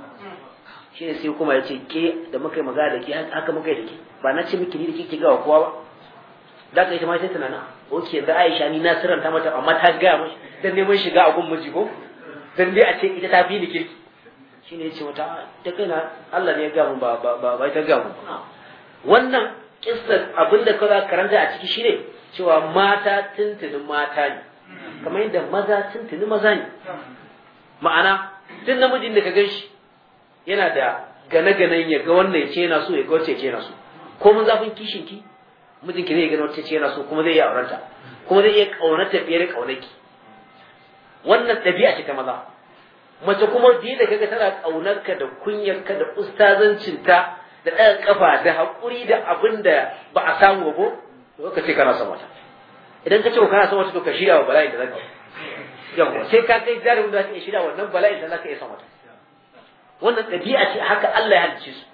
shi ne sai kuma ya ce ke da muka yi magana da ke haka muka yi da ke ba na ce miki ni da kike gawa kowa ba da ka yi ma sai tunana oke da Aisha ni na sirranta mata amma ta gaya mashi dan neman shiga a gun miji ko dan dai a ce ita ta fi ni kirki shine ya ce mata ah, ta kaina Allah ne ya gaya ba ba ba ta gamu. wannan kissa abinda ka karanta a ciki shi ne? cewa mata tuntuni mata ne kamar yadda maza tuntuni maza ne ma'ana tun namijin da ka gan shi yana da gane-ganen ya ga wannan ce yana so ya ga wacce ce yana so ko mun zafin kishin ki mijin ki zai gane wacce ce yana so kuma zai iya aurenta kuma zai iya kaunarta fiye da ki. wannan ɗabi'a ce ta maza mace kuma biyu da kaga tana kaunarka da kunyarka da ustazancinta da ɗaga kafa da haƙuri da abin da ba a samu ba to ka ce kana samata. idan ka ce kana son wata to ka shirya wa bala'in da zaka yawa sai ka kai jari wanda zaka shirya wannan bala'in da zaka iya samata. wannan ɗabi'a ce haka Allah ya halicce su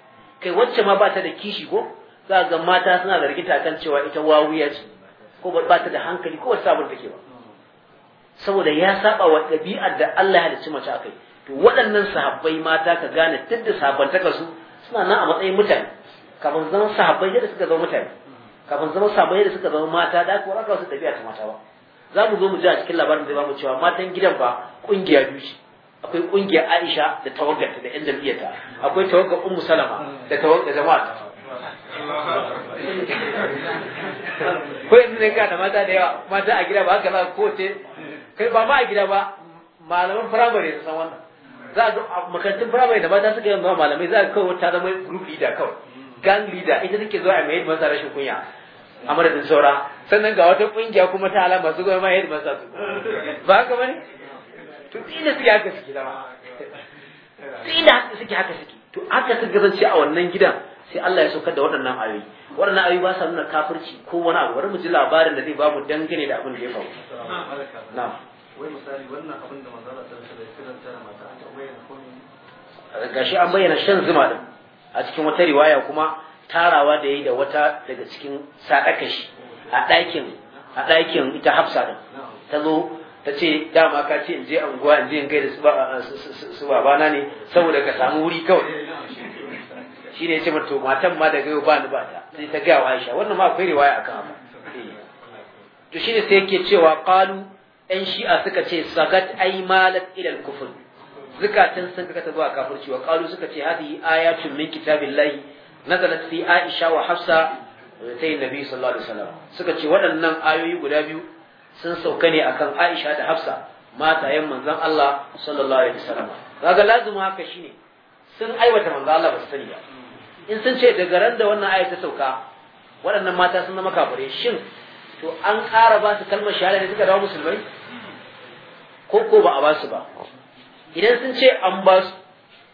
kai wacce ma ba ta da kishi ko za ga mata suna da rikita kan cewa ita wawiya ce ko ba ta da hankali ko wata take ba saboda ya saba wa ɗabi'ar da Allah ya halicci mace akai to waɗannan sahabbai mata ka gane duk da sahabbantakar su suna nan a matsayin mutane kafin zan sahabbai yadda suka zama mutane kafin zama sabai da suka zama mata da aka wasu tafiya ta mata ba za mu zo mu ji a cikin labarin da mu cewa matan gidan ba kungiya biyu ce akwai kungiyar Aisha da tawaggarta da yan jam'iyyarta akwai tawaggar Ummu Salama da tawaggar jama'a ko yanzu ne da mata da yawa mata a gida ba haka za ko ce kai ba ma a gida ba malaman firamare su san wannan za a zo makarantun firamare da mata suka yi malamai za a kawo ta zama group leader kawai gang leader ita take zuwa mai masa rashin kunya a madadin saura sannan ga wata kungiya kuma ta alama su goma ma yadda masa su ba haka bane to tsina suke haka suke zama tsina suke haka suke to haka ta gazance a wannan gidan sai Allah ya saukar da waɗannan ayoyi waɗannan ayoyi ba sa nuna kafirci ko wani abu bari mu ji labarin da zai ba mu dangane da abin da ya faru na'am wai misali wannan abin da manzo Allah ta da kiranta mata an bayyana ko gashi an bayyana shan zuma din a cikin wata riwaya kuma tarawa da yayi da wata daga cikin sadaka shi a ɗakin a ɗakin ita hafsa din ta zo ta ce dama ka ce in je anguwa in je in gaida su babana ne saboda ka samu wuri kawai shi ne ce to matan ma daga yau ba ni ba ta sai ta gaya wa Aisha wannan ma akwai riwaya akan haka to shi ne sai yake cewa qalu ɗan shi'a suka ce sagat ai malat ila al zukatan sun kaka ta zuwa kafirci wa qalu suka ce hadi ayatun min kitabillahi nazalat fi aisha wa hafsa sai nabi sallallahu alaihi wasallam suka ce waɗannan ayoyi guda biyu sun sauka ne akan aisha da hafsa matayen manzon Allah sallallahu alaihi wasallam kaga lazuma haka shine sun aiwata manzon Allah ba su sani ba in sun ce daga ran da wannan aya ta sauka waɗannan mata sun zama kafire shin to an ƙara ba su kalmar shahada ne suka dawo musulmai ko ko ba a ba su ba idan sun ce an ba su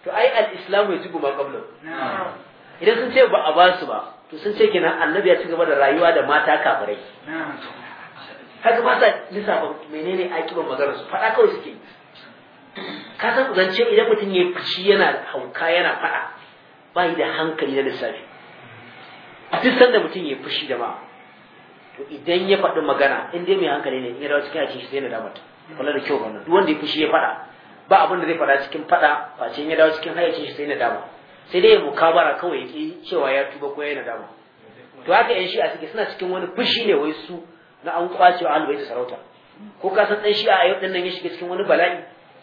to ai al-islamu yajibu ma qabla idan sun ce ba a ba su ba to sun ce kina annabi ya ci gaba da rayuwa da mata kafirai haka ba sa lissafa menene akiban magana su faɗa kawai suke ka san zance idan mutum ya fici yana hauka yana faɗa ba yi da hankali na lissafi a duk sanda mutum ya fushi da ma to idan ya faɗi magana in dai mai hankali ne in ya rawa cikin aiki shi sai na damata kula da kyau wannan duk wanda ya fushi ya faɗa ba abin da zai fada cikin faɗa face ya dawo cikin hayyacin shi sai na dama sai dai mukabara kawai yake cewa ya tuba ko ya na dama to haka yan shi'a suke suna cikin wani fushi ne wai su na an kwacewa ahlul ta sarauta ko ka san dan shi'a a yau dinnan ya shiga cikin wani bala'i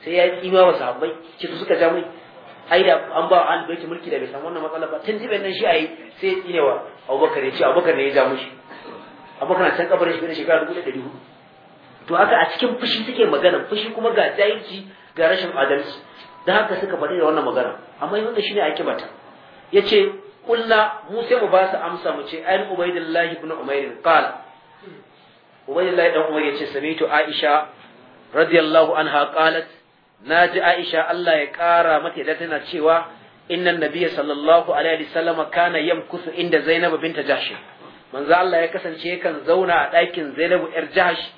sai ya ma wa sahabbai su suka ja mai ai da an ba ahlul ta mulki da bai san wannan matsala ba tun jiben nan shi'a sai ya tsine wa Abubakar ya ce Abubakar ne ya ja mushi Abubakar na can kabarin shi ne shekara 1400 to haka a cikin fushi suke magana fushi kuma ga jahilci ga rashin adalci da haka suka faɗi da wannan magana amma yanzu ne ake bata yace kulla mu sai mu ba su amsa mu ce ayin ubaidillahi ibn umair qal ubaidillahi dan umair yace samitu aisha radiyallahu anha qalat ji aisha Allah ya kara mata da tana cewa innan nabiyyi sallallahu alaihi wasallam kana yamkusu inda zainab binta jahsh manzo Allah ya kasance yakan zauna a ɗakin zainab yar jahsh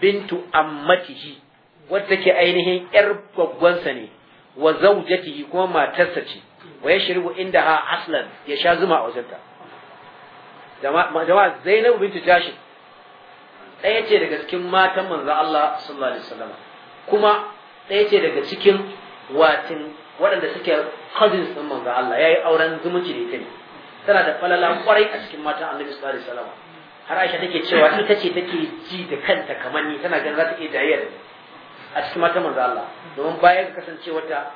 bintu ammatihi wadda ke ainihin yar gwaggwansa ne wa zaujatihi kuma matarsa ce wa inda ha aslan ya sha zuma a wajenta jama'a Zainabu bintu Jashi ɗaya ce daga cikin matan manzo Allah sallallahu alaihi wasallam kuma ɗaya ce daga cikin watin waɗanda suke cousins din manzo Allah yayi auren zumunci da ita ne tana da falala kwarai a cikin matan Annabi sallallahu alaihi wasallam har Aisha take cewa ita ce take ji da kanta kamar ni tana ganin za ta iya dariya da a cikin mata manzo Allah domin baya kasance wata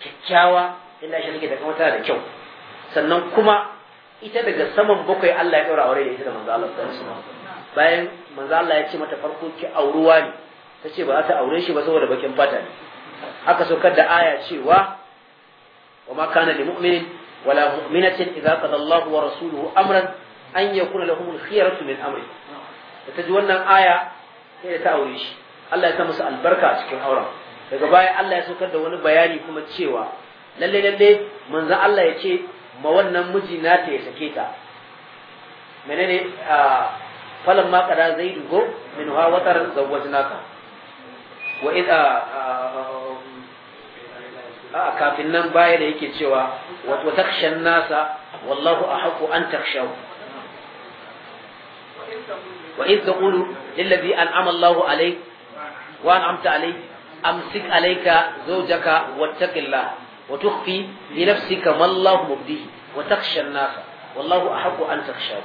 kyakkyawa inda shi take da kuma tana da kyau sannan kuma ita daga saman bakwai Allah ya daura aure da ita da manzo Allah sallallahu alaihi bayan manzo Allah ya ce mata farko ki auruwa ne tace ba za ta aure shi ba saboda bakin fata ne aka saukar da aya cewa wa ma kana lil mu'minin wala mu'minatin idza qada Allah wa rasuluhu amran an yakuna lahum al-khiyaratu min amri ta ji wannan aya sai ta aure shi Allah ya sa musu albarka a cikin auren daga baya Allah ya saukar da wani bayani kuma cewa lalle lalle manzo Allah ya ce ma wannan miji na ta ya sake ta menene a falan ma kada zai dugo min ha watar zawwajnaka wa id a kafin nan baya da yake cewa wa takshan nasa wallahu ahqu an takshaw wa id taqulu lillazi an'ama Allahu alayhi وأن أمت عليك أمسك عليك زوجك واتق الله وتخفي لنفسك ما الله مبديه وتخشى الناس والله أحق أن تخشاه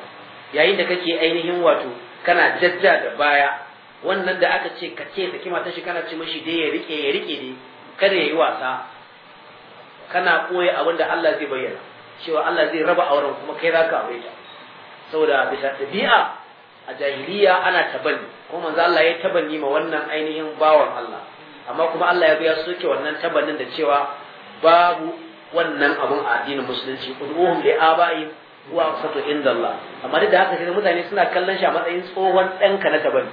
yayin da kake ainihin wato kana jajja da baya wannan da aka ce ka ce saki mata shi kana ce mashi dai ya rike ya rike ne kada ya yi wasa kana koya abin da Allah zai bayyana cewa Allah zai raba auren kuma kai zaka aure ta saboda bisa tabi'a a jahiliya ana tabanni kuma manzo Allah ya tabanni ma wannan ainihin bawan Allah amma kuma Allah ya biya soke wannan tabannin da cewa babu wannan abun a addinin musulunci kuduhum li aba'i wa aqsatu inda Allah amma duk da haka sai mutane suna kallon shi a matsayin tsohon ɗanka na tabanni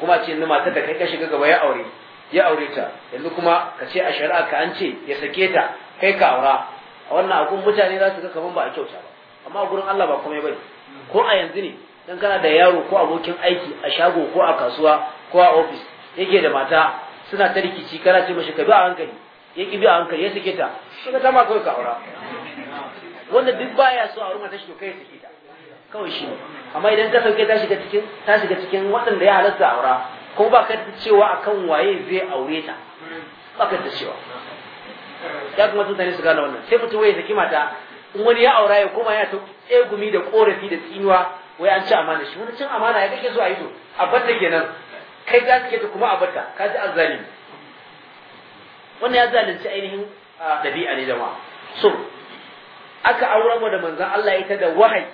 kuma ce ni matar da kai ka shiga gaba ya aure ya aure ta yanzu kuma ka ce a shari'a ka an ce ya sake ta kai ka aura a wannan abun mutane za su ga kaman ba a kyauta ba amma a gurin Allah ba komai bane ko a yanzu ne dan kana da yaro ko abokin aiki a shago ko a kasuwa ko a ofis yake da mata suna ta rikici kana ce mashi ka bi a hankali ya ki bi a hankali ya sake ta kaga ta ma kawai ka aura wanda duk baya so a wurin ta shi to kai sake ta kawai shi amma idan ka sauke ta shiga cikin ta shiga cikin waɗanda ya halatta aura ko ba ka cewa akan waye zai aure ta ba ka cewa ya kuma mutane su gane wannan sai mutum ya saki mata in wani ya aura ya koma yana ta tsegumi da korafi da tsinuwa wai an ci amana shi wani cin amana ya kake so a yi to a batta kenan kai za ka ta kuma a batta ka ji zalim. wannan ya zalunci ainihin dabi'a ne jama'a so aka aura mu da manzon Allah ita da wahayi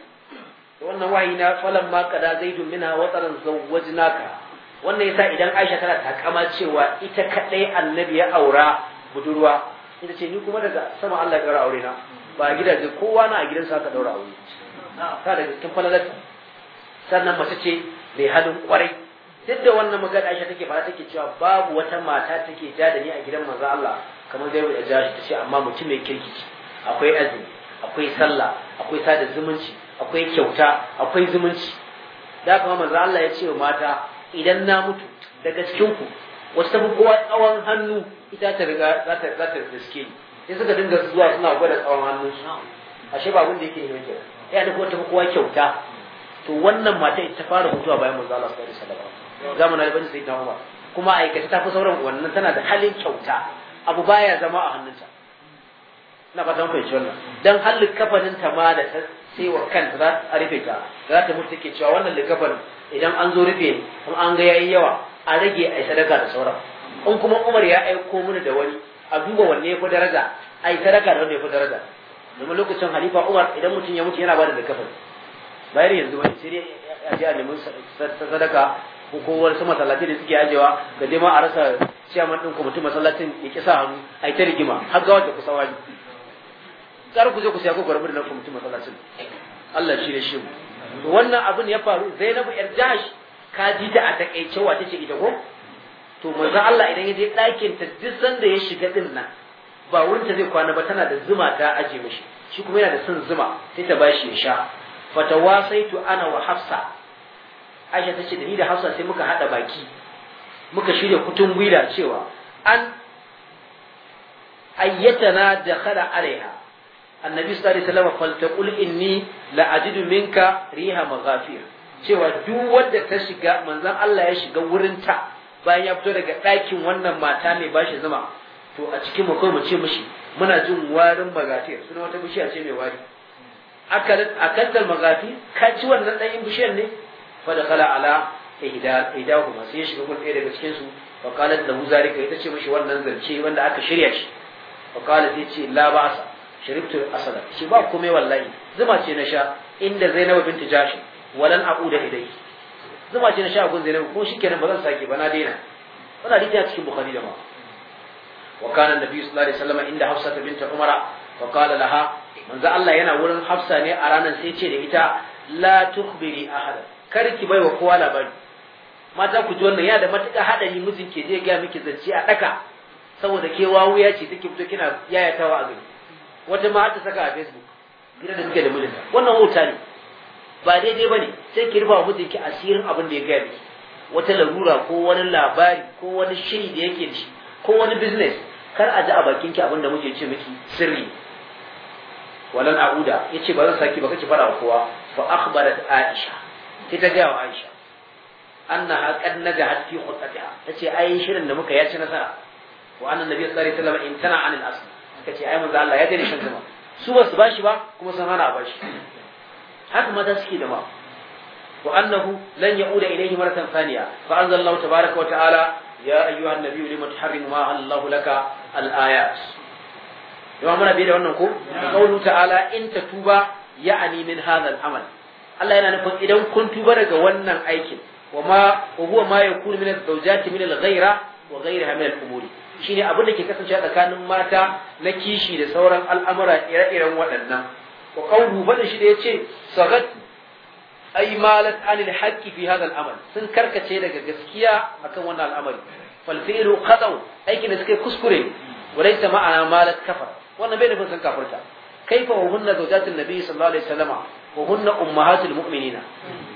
wannan wahayi na falan ma kada zaidun minha wataran zawwajnaka wannan yasa idan Aisha tana takama cewa ita kadai annabi ya aura budurwa ita ce ni kuma daga sama Allah ya aure na ba gidaje kowa na a gidansa ka daura aure ta daga cikin falalata sannan mace ce mai halin kwarai duk da wannan magana Aisha take fara take cewa babu wata mata take ja da ni a gidan manzo Allah kamar dai ya ja shi tace amma mutum mai kirkici akwai azumi akwai sallah akwai sada zumunci akwai kyauta akwai zumunci da kuma manzo Allah ya ce wa mata idan na mutu daga cikin ku wasu tafi kowa tsawon hannu ita ta riga za ta za ta riske ni sai suka dinga zuwa suna gwada tsawon hannu ashe ba abin da yake yi kyau ya da kowa tafi kowa kyauta to wannan mata ita fara mutuwa bayan manzo Allah sallallahu alaihi wasallam zamanin Ali sai ta Umar kuma aikata ta fi sauran wannan tana da halin kyauta abu baya zama a hannunta ina fatan ku ji wannan dan har kafanin ta ma da sai wa kanta za a rufe ta za ta mutu take cewa wannan likafan idan an zo rufe kuma an ga yayi yawa a rage ai sadaka da sauran in kuma Umar ya aiko mini da wani a duba wanne ya fi daraja ai sadaka da wanne ya fi daraja domin lokacin halifa Umar idan mutum ya mutu yana ba da likafan bayar yanzu wani sai ya ji a nemi sadaka ko kowar su masallaci da suke ajewa da dai ma a rasa ciyaman din kwamitin masallacin ya sa hannu a yi ta rigima har ga wanda kusa wani tsar ku zai ku siya ko gwarbi da kwamitin masallacin Allah shi ne shi wannan abin ya faru Zainabu yar jihar ka ji ta a takaice wa tace ita ko to manzo Allah idan ya je ɗakin ta duk sanda ya shiga din nan ba wurin ta zai kwana ba tana da zuma ta aje mishi shi kuma yana da son zuma sai ta bashi ya sha fatawasaitu ana wa hafsa aisha tace da ni da hafsa sai muka hada baki muka shirya kutun gwila cewa an ayyatana da khala alaiha annabi sallallahu alaihi wasallam faltaqul inni la ajidu minka riha maghafir cewa duk wanda ta shiga manzon Allah ya shiga wurin ta, bayan ya fito daga ɗakin wannan mata mai bashi zama. to a cikin mu mu ce mishi muna jin warin magatir suna wata bishiya ce mai wari akaltal magafi ka ci wannan ɗayin bishiyar ne fa da kala ala ihdahuma sai ya shiga gurin ɗaya daga cikin su fa qalat lahu ka ita ce mishi wannan zance wanda aka shirya shi fa qalat ya ce la ba'sa sharibtu asala shi ba komai wallahi zuma ce na sha inda zainab binti jashi walan aquda idai zuma ce na sha gun zainab ko shikenan ba zan sake ba na daina wannan hadisi a cikin bukhari da ma wa kana annabi sallallahu alaihi wasallam inda hafsata binta umara fa qala laha manzo Allah yana wurin Hafsa ne a ranar sai ce da ita la tukhbiri ahada kar ki bai wa kowa labari mata ku ji wannan ya da matuƙa hadari mijin ke je ga miki zance a daka saboda ke wuya ce take fito kina yayatawa a gari wata ma har ta saka a Facebook gidan da suke da wannan wuta ne ba daidai bane sai ki rufa mijinki asirin abin da ya ga miki wata larura ko wani labari ko wani shiri da yake da shi ko wani business kar a ji a bakinki abin da muke ce miki sirri ولن أعود يتي بارن ساكي بكتي فرع أخوة فأخبرت عائشة تتجاه عائشة أنها قد نجحت في خطتها تتي عائشة شر النمو كي يتنا وأن النبي صلى الله عليه وسلم انتنع عن الأصل تتي عائشة مزال الله يدري شن زمان سوى سباش با كما سمانا عباش حق ما تسكي دماغ وأنه لن يعود إليه مرة ثانية فأنزل الله تبارك وتعالى يا أيها النبي لم تحرم ما الله لك الآيات yawa muna bai da wannan ko qawlu ta'ala in tuba ya'ani min hadha al-amal Allah yana nufin idan kun tuba daga wannan aikin wa ma wa huwa ma yakunu min az-zawjati min al-ghayra wa ghayriha min al-umuri shine abin da ke kasance tsakanin mata na kishi da sauran al'amura ire-iren waɗannan wa qawlu bada shi da yace sagat ay malat anil haqqi fi hadha al-amal sun karkace daga gaskiya akan wannan al'amari fal fi'lu qadaw aikin da suke kuskure wa laysa ma'ana malat kafara wannan bai nufin sun kafirta kai wa hunna zawjatin nabi sallallahu alaihi wasallama wa hunna ummahatul mu'minina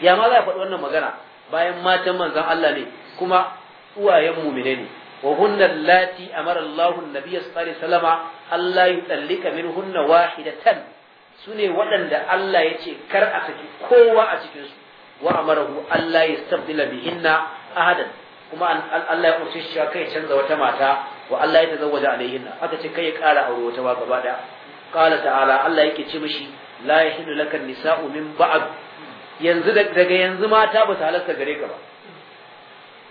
ya ma za a faɗi wannan magana bayan matan manzon Allah ne kuma uwayen mu'mine ne wa hunna allati amara Allahu an sallallahu alaihi wasallama Allah yudallika minhunna wahidatan sune waɗanda Allah ya ce kar a saki kowa a cikin su wa amarahu Allah yastabdila bihinna ahadan kuma Allah ya umarci shi kai canza wata mata wa Allah ya tazawwaja alaihinna aka ce kai ya kara aure wata ba gaba daya qala ta'ala Allah yake ce mishi la yahillu laka nisa'u min ba'd yanzu daga yanzu mata ba su halarta gare ka ba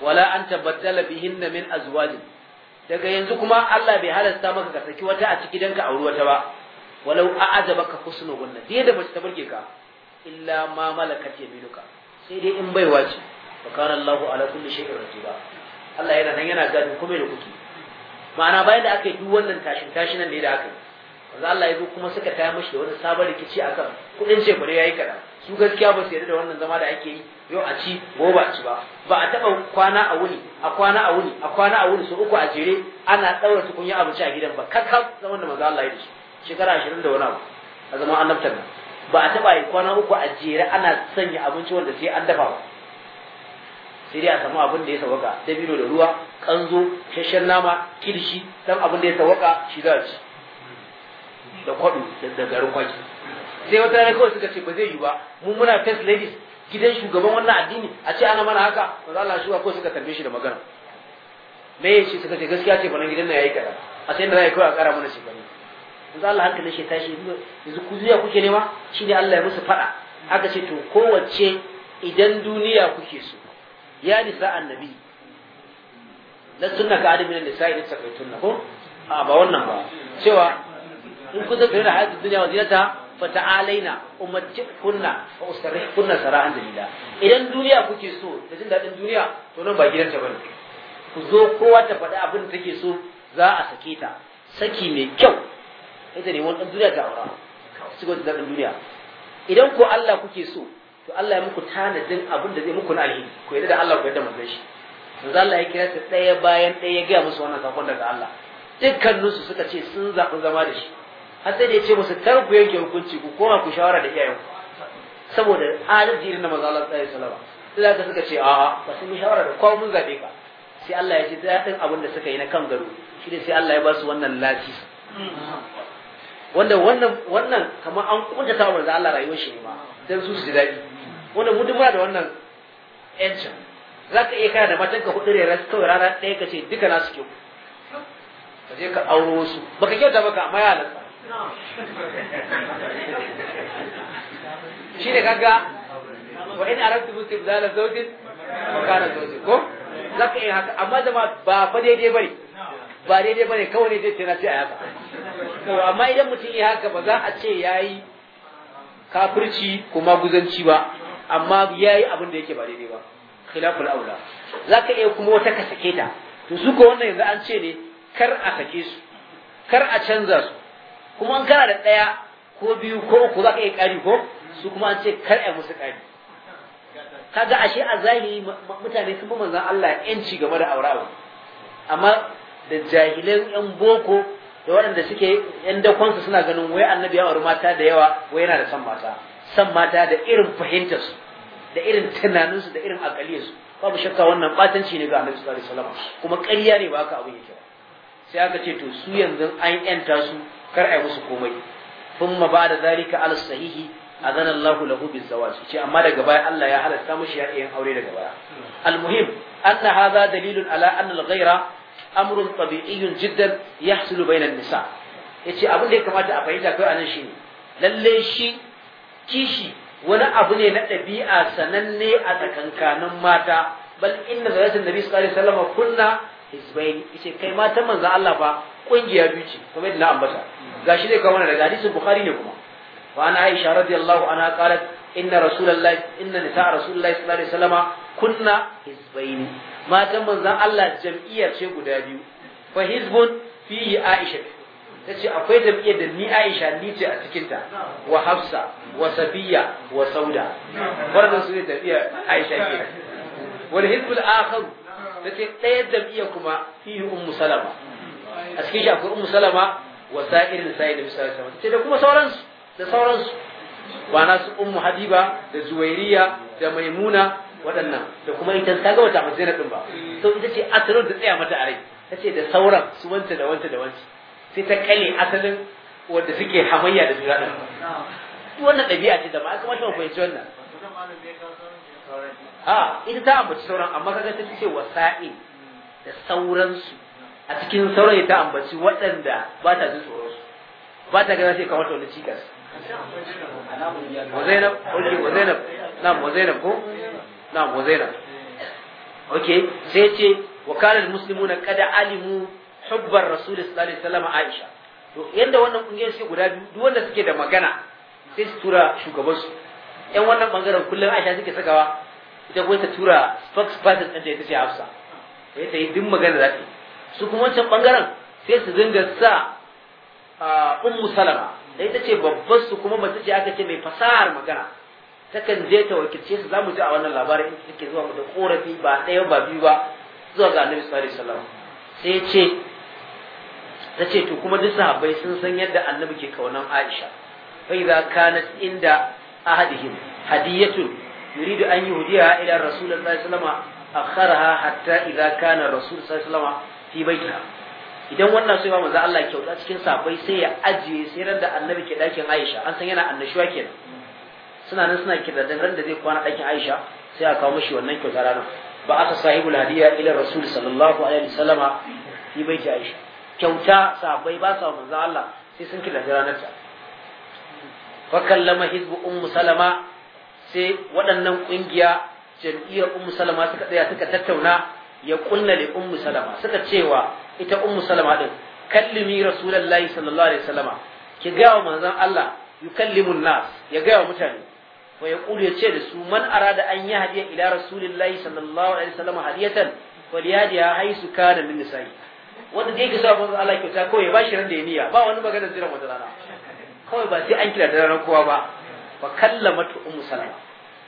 wala an tabaddala bihinna min azwajin daga yanzu kuma Allah bai halasta maka ka saki wata a ciki danka aure wata ba walau a'ajabaka husnuhunna dai da mace ta burge ka illa ma malakat yaminuka sai dai in baiwa ce wa kana Allahu ala kulli shay'in rajiba Allah yana nan yana gani kuma da kuke ma'ana bayan da aka yi duk wannan tashin tashinan da ya da aka yi wanda Allah ya zo kuma suka taya mashi da wani sabon rikici a akan kudin cefane ya yi kaɗan su gaskiya ba su yarda da wannan zama da ake yi yau a ci gobe a ci ba ba a taɓa kwana a wuni a kwana a wuni a kwana a wuni su uku a jere ana ɗaura tukunya abinci a gidan ba kakka zama da maza Allah ya dace shekara ashirin da wani abu a zaman annabtar ba a taɓa yi kwana uku a jere ana sanya abinci wanda sai an dafa ba sai dai a samu abin da ya sawaka dabino da ruwa kanzo shashen nama kirshi dan abin da ya sawaka shi za a ci da kwaɗo da garin kwaki sai wata rana kawai suka ce ba zai yi ba mu muna first ladies gidan shugaban wannan addini a ce ana mana haka manzo Allah shi ko suka tambaye shi da magana me ce suka ce gaskiya ce bana gidan ya yayi kaza a sai da zai kawai a kara mana shi shekaru manzo Allah hankali shi tashi yanzu ku zuya kuke nema shine Allah ya musu fada aka ce to kowace idan duniya kuke so ya nisa annabi da sunna ka adamin nisa idan ta kaitun na ko a ba wannan ba cewa in kun zaka yana hayatu dunya wa zinata fa ta'alaina ummati kunna fa usarrih kunna sarahan dalila idan duniya kuke so da jin dadin duniya to nan ba gidanta bane ku zo kowa ta faɗi abin da take so za a sake ta saki mai kyau ita ne wani duniya ta aura su ga dadin duniya idan ko Allah kuke so to Allah ya muku tanadin abin da zai muku na alheri ku yadda da Allah ku yarda manzon shi manzo Allah ya kira ta ɗaya bayan ɗaya ya gaya musu wannan sakon daga Allah dukkaninsu suka ce sun zaɓi zama da shi har sai da ya ce musu kar ku yanke hukunci ku koma ku shawara da iyayenku saboda adalci irin na manzo Allah sallallahu alaihi wasallam sai aka suka ce a'a ba sun yi shawara da kowa mun zaɓe ka sai Allah ya ce daɗin abin da suka yi na kan gado shi ne sai Allah ya ba su wannan lati wanda wannan wannan kamar an kunta ta da Allah rayuwar shi ne ma dan su su ji daɗi wanda mu duk da wannan yancin za ka iya kana da ka hudu ne rasu kawai rana ɗaya ka ce duka nasu kyau ka je ka auro su ka kyauta baka amma yana halatta shi ne kaga wa in arabtu mustibdala ba ka na zawjin ko za ka iya haka amma zama ba fa daidai ne. ba daidai ne kawai ne zai tana ce a yaka. to amma idan mutum ya haka ba za a ce ya yi kafirci kuma guzanci ba amma yayi abin da yake ba daidai ba khilaful aula zaka iya kuma wata ka sake ta to su ko wannan yanzu an ce ne kar a sake su kar a canza su kuma an kana da ɗaya ko biyu ko uku zaka iya kari ko su kuma an ce kar a musu kari kaga ashe a zahiri mutane sun bi manzon Allah yanci game da aurawa amma da jahilan yan boko da waɗanda suke yan dakonsu suna ganin wai annabi ya mata da yawa wai yana da son mata san mata da irin fahimtarsu da irin tunaninsu da irin akaliyarsu babu shakka wannan batanci ne ga annabi sallallahu alaihi wasallam kuma ƙarya ne ba ka abin yake sai aka ce to su yanzu an yanta su kar a yi musu komai thumma ba'da zalika ala sahihi azana Allah lahu bil zawaj ce amma daga baya Allah ya halatta mushi ya yin aure daga baya almuhim anna hadha dalilun ala anna al-ghayra amrun tabi'iyyun jiddan yahsulu bayna an-nisa yace abin da ya kamata a fahimta kai anan shine lalle shi kishi wani abu ne na ɗabi'a sananne a tsakankanin mata bal inna zalatin nabi sallallahu alaihi wasallam kunna kai mata manzo Allah fa kungiya biyu ce kuma da ambata gashi zai kawo daga hadisin bukhari ne kuma wa ana aisha radiyallahu anha qalat inna rasulullahi inna nisa rasulullahi sallallahu alaihi wasallam kunna hizbain mata manzo Allah jam'iyyar ce guda biyu fa hizbun fihi aisha ta ce akwai jam'iyyar da ni Aisha ni ce a cikinta wa Hafsa wa Safiya wa Sauda wannan su ne jam'iyyar Aisha ke wal hizbul akhar ta ce ɗaya jam'iyyar kuma fihi ummu salama a cikin shi akwai ummu salama wa sa'irin sa'id da misali Ta ce da kuma sauransu da sauransu kwana su ummu habiba da zuwairiya da maimuna waɗannan da kuma ita ta ga wata mace na ɗin ba to ita ce asirin da tsaya mata a rai ta ce da sauran su wanta da wanta da wanta sai ta kale asalin wanda suke hamayya da juna ɗin wannan ɗabi'a ce da ma kuma ta fahimci wannan a ita ta ambaci sauran amma kaga ta ce wasa'i da sauransu a cikin sauran ta ambaci waɗanda ba ta ji tsoron su ba ta gana sai kamar ta wani cikas wazainab ok wazainab na wazainab ko na wazainab ok sai ce wa kana na kada alimu hubbar rasul sallallahu alaihi wasallam aisha to yanda wannan kungiyar sai guda biyu duk wanda suke da magana sai su tura shugaban su yan wannan bangaren kullum aisha suke sakawa ita kuma ta tura spokesperson ɗin da ita ce hafsa sai ta yi duk magana da ta su kuma wancan bangaren sai su dinga sa ummu salama da ita ce babbar su kuma mace ce aka ce mai fasahar magana takan je ta wakilce su zamu ji a wannan labarin in take zuwa mu da korafi ba ɗaya ba biyu ba zuwa ga annabi sallallahu alaihi wasallam sai ce Ta ce to kuma duk sahabbai sun san yadda annabi ke kaunan aisha fa idza kanat inda ahadihim hadiyatun yuridu an yuhdiha ila rasulullahi sallallahu alaihi wasallam akharaha hatta idza kana rasul sallallahu alaihi wasallam fi baitiha idan wannan sai ba manzo Allah kyauta cikin sahabbai sai ya ajiye sai ran da annabi ke dakin aisha an san yana annashuwa kenan suna nan suna kira da ran da zai kwana dakin aisha sai aka kawo mishi wannan kyauta ranar ba aka sahibul hadiya ila rasul sallallahu alaihi wasallama fi baiti aisha kyauta sahabbai ba sa manzo Allah sai sun kila ranar ta fa kallama hizbu ummu salama sai waɗannan ƙungiya jam'iyyar ummu salama suka tsaya suka tattauna ya kunna li ummu salama suka cewa ita ummu salama din kallimi rasulullahi sallallahu alaihi wasallama ki ga wa manzon Allah yukallimun nas ya ga wa mutane wa ya ce da su man arada an yi hadiya ila rasulullahi sallallahu alaihi wasallama hadiyatan ya haisu kana min nisa'i wanda da yake sa a manzon Allah kyauta kawai ya bashi ran da ya niyya ba wani magana zira wata rana kawai ba sai an kira da ranar kowa ba fa kallamatu ummu salama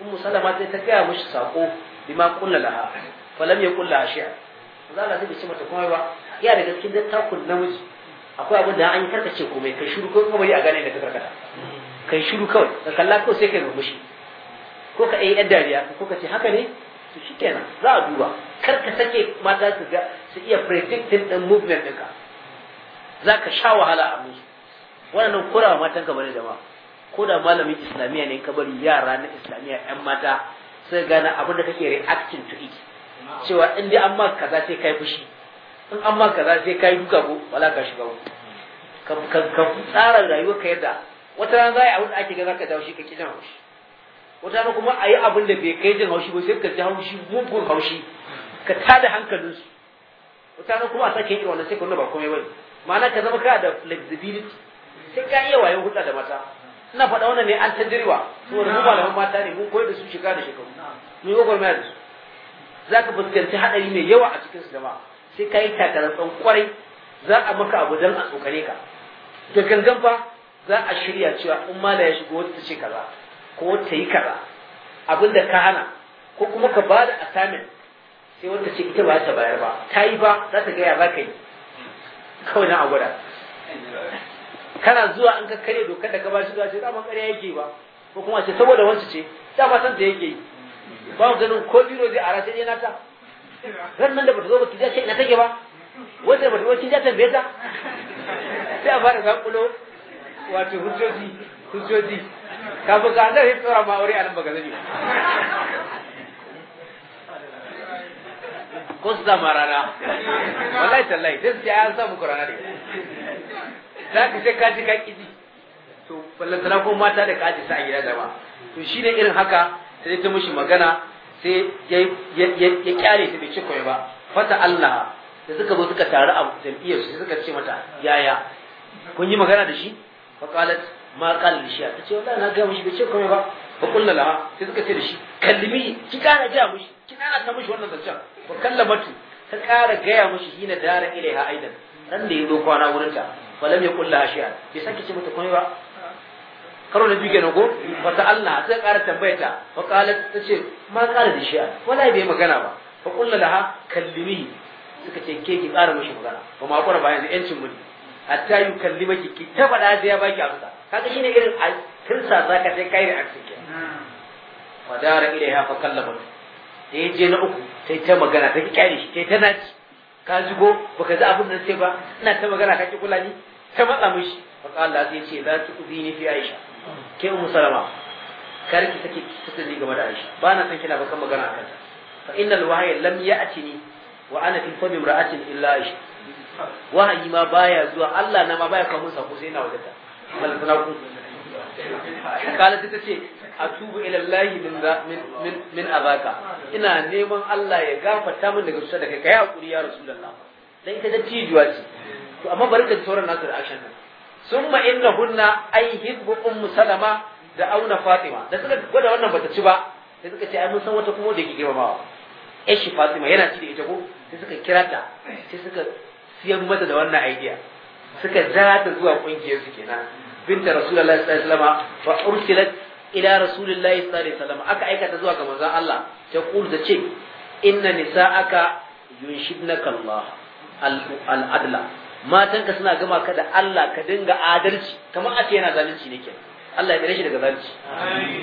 ummu salama sai ta gaya mishi sako bima kullu laha falam yakul laha shay'a manzon Allah sai bishi mata komai ba iya daga cikin dattakun namiji akwai abin da an yi karkace komai kai shiru ko kuma bari a gane da ka karkata kai shiru kawai ka kalla ko sai kai murmushi ko ka yi yar dariya ko ka ce haka ne to shikenan za a duba kar ka sake mata su ga su iya predicting din movement ɗinka za ka sha wahala a musu wannan kura matan ka bane jama'a ko da malamin islamiyya ne ka bari yara na islamiyya yan mata sai gane abin da kake reacting to it cewa in dai an kaza sai kai fushi in an kaza sai kai duka ko wala ka shiga ka ka tsara rayuwar ka yadda wata rana za a yi abin da ake ga ka dawo shi ka kidan haushi wata rana kuma a yi abin da bai kai jin haushi ba sai ka ji haushi mugun haushi ka tada hankalinsu mutane kuma a sake yi wannan sai kuma ba komai bane ma'ana ka zama ka da flexibility sai ka iya wayo hulɗa da mata ina faɗa wannan ne an tajirwa saboda mu da mata ne mun koyar da su shekara da shekaru mun yi gwagwarmaya da su za ka fuskanci haɗari mai yawa a cikin su ba. sai ka yi takaratsan kwarai za a maka abu dan a tsokane ka da gangan fa za a shirya cewa in da ya shigo wata ta ce kaza ko ta yi kaza Abinda ka hana ko kuma ka ba da assignment sai wanda ce ita ba ta bayar ba ta yi ba za ta gaya ba ka yi kawai na agwada kana zuwa an ka kare dokar da ka ba shi za ce daman kare yake ba ko kuma ce saboda wancan ce dama san ta yake yi ba mu ganin ko biro zai ara sai yana ta ran nan da bata zo ba ki ja ce ina take ba wata ba ta wata ja tambaye ta sai a fara zakulo wato hujjoji hujjoji kafin ka zai tsora ma aure a nan ba baka zani kun sama rana wallahi tallahi sai su ce an samu kurana da za ka ce ka ji ka kiji to ballantana ko mata da kaji sa a gida da ba to shine irin haka sai ta mushi magana sai ya kyale ta bai ci koyi ba fata Allah da suka zo suka taru a jam'iyyar su suka ce mata yaya kun yi magana da shi fa qalat ma qala li shi'a tace wallahi na ga mushi bai ce komai ba fa qulna laha sai suka ce da shi kallimi ki kana ga mushi ki kana ta mushi wannan zancen wa kallamatu ta kara gaya mishi hina dara ilaiha aidan ran da ya kwana wurin ta falam ya kulla shi'a bi sanki ce mata komai ba karo na biyu nako. ko Allah ta kara tambayar ta wa qalat ta ce ma kara da shi'a wala bai magana ba fa kulla laha kallimi suka ce ke ki ƙara mishi magana ba ma ƙura bayan yancin mu hatta yi kallimaki ki ta faɗa da ya baki amsa kaga shine irin kirsa zaka sai kai da hmm. aksiya dara ilaiha fa kallamat da yaje na uku sai ta magana ta ki kyale shi sai ta naci ka zugo baka ji abin nan sai ba ina ta magana ka ki kula ni ta matsa mishi fa Allah sai ce za ta ni fi Aisha ke ummu salama kar ki take ni game da Aisha ba na san kina ba kan magana akan ta fa innal wahyi lam ni wa ana fi fadi imra'atin illa Aisha wahayi ma baya zuwa Allah na ma baya kawo sako sai na wajata na ku kala ta ce atubu ila Allah min min min abaka ina neman Allah ya gafarta min daga cutar da kai kai hakuri ya rasulullah dan ita da tijuwa ce to amma bari ka sauran nasu reaction din summa innahunna ay hibbu ummu salama da auna fatima da suka gwada wannan bata ci ba sai suka ce ai mun san wata kuma da ke girmamawa ishi fatima yana ci da ita ko sai suka kira ta sai suka siyan mata da wannan idea suka zata zuwa kungiyar su kenan binta rasulullahi sallallahu alaihi wasallam wa ursilat ila rasulillahi sallallahu alaihi wasallam aka aikata zuwa ga manzon Allah ta kul da ce inna nisa'aka yunshidnaka Allah al-adla matanka suna gama ka da Allah ka dinga adalci kamar a ce yana zalunci ne kenan Allah ya kare shi daga zalunci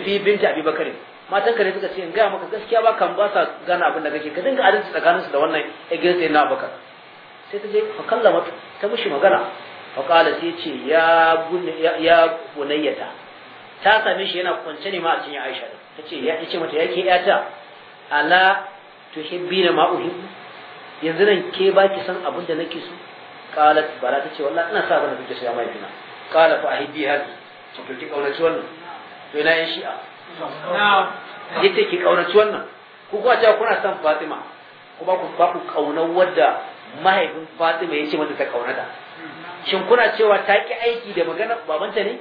fi binti Abi Bakar matanka ne suka ce in ga maka gaskiya ba kan ba sa gana abin da kake ka dinga adalci tsakaninsu da wannan igirsa na bakar, sai ta je fa kallama ta mishi magana fa qala sai ce ya ya bunayyata ta same shi yana kwance ne ma a cikin Aisha ta ce ya ce mata yake yata ala tuhibbina ma uhi yanzu nan ke ba ki san abin da nake so qalat bara ta ce wallahi ina sa abin da kike so ya mai fina qala fa ahibbi hadi to ki kaunaci wannan to ina yin shi'a yace ki kaunaci wannan ku kuwa cewa kuna son Fatima kuma ku ba ku kaunar wadda mahaifin Fatima yace mata ta kaunata mm-hmm. shin kuna cewa ta ki aiki da magana babanta ne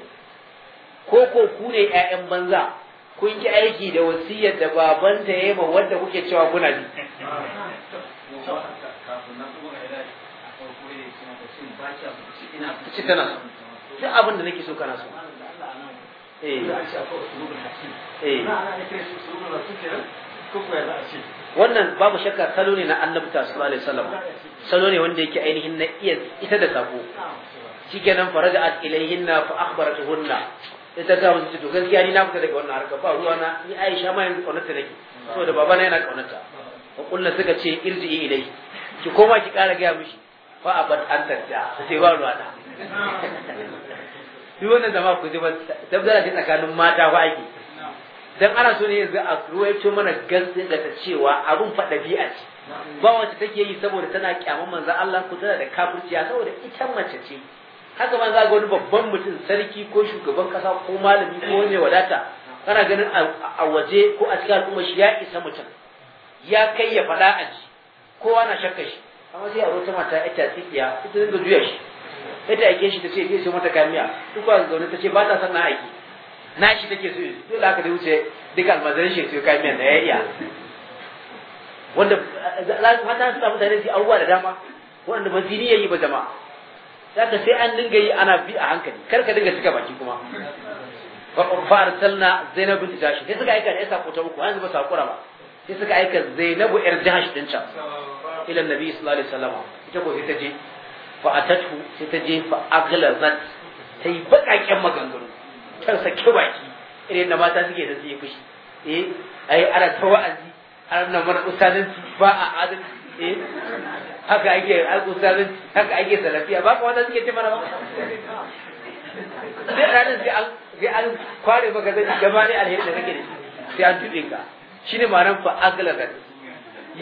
ko ko ku ne ƴaƴan banza kun ki aiki da wasiyar da baban ta yi ma wanda kuke cewa kuna bi duk abin da nake so kana so eh. Eh. wannan babu shakka salo ne na annabta sallallahu alaihi wasallam salo ne wanda yake ainihin na iya ita da sako shikenan faraja'at ilayhinna fa akhbaratuhunna sai ta gaya to gaskiya ni na fita daga wannan harka ba ruwa na ni Aisha ma yanzu kaunarta nake saboda babana yana kaunarta fa kullu suka ce irji ilai ki koma ki kara gaya mishi fa abad an tarja sai ba ruwa na duk wannan zama ku ji ba tabbata ce tsakanin mata ba ake dan ana so ne yanzu a ruwaito mana gaskiya da ta cewa abun faɗa bi'a ce ba wacce take yi saboda tana kyaman manzon Allah ku tana da kafirciya saboda ita mace ce haka ma za ga wani babban mutum sarki ko shugaban kasa ko malami ko wani wadata kana ganin a waje ko a cikin al'umma shi ya isa mutum ya kai ya faɗa a ji kowa na shakka shi amma sai a wata mata ya ta tsikiya ita zai juya shi sai ta aike shi ta ce sai mata kamiya duk wani zaune ta ce ba ta san na aiki na shi take so dole haka dai wuce duk almazarin shi sai kamiya da ya iya wanda mata suna mutane su abubuwa da dama wanda ba ziniyayi ba jama'a zaka sai an dinga yi ana bi a hankali kar ka dinga cika baki kuma fa arsalna zainabu bin sai suka aika ne sako ta uku an zuba sakura ba sai suka aika zainabu yar jahash din can ila nabi sallallahu alaihi wasallam ita ko sai ta je fa atatu sai ta je fa aghlazat ta yi bakakken maganganu ta saki baki irin da mata suke da suke fushi eh ai ana ta wa'azi ana mana usanin ba a adalci eh haka ake al'ustazin haka ake salafiya ba ku wanda suke ce mana ba sai ranar sai an kware maka zai gaba ne alheri da kake da sai an tuɗe ka shine maran fa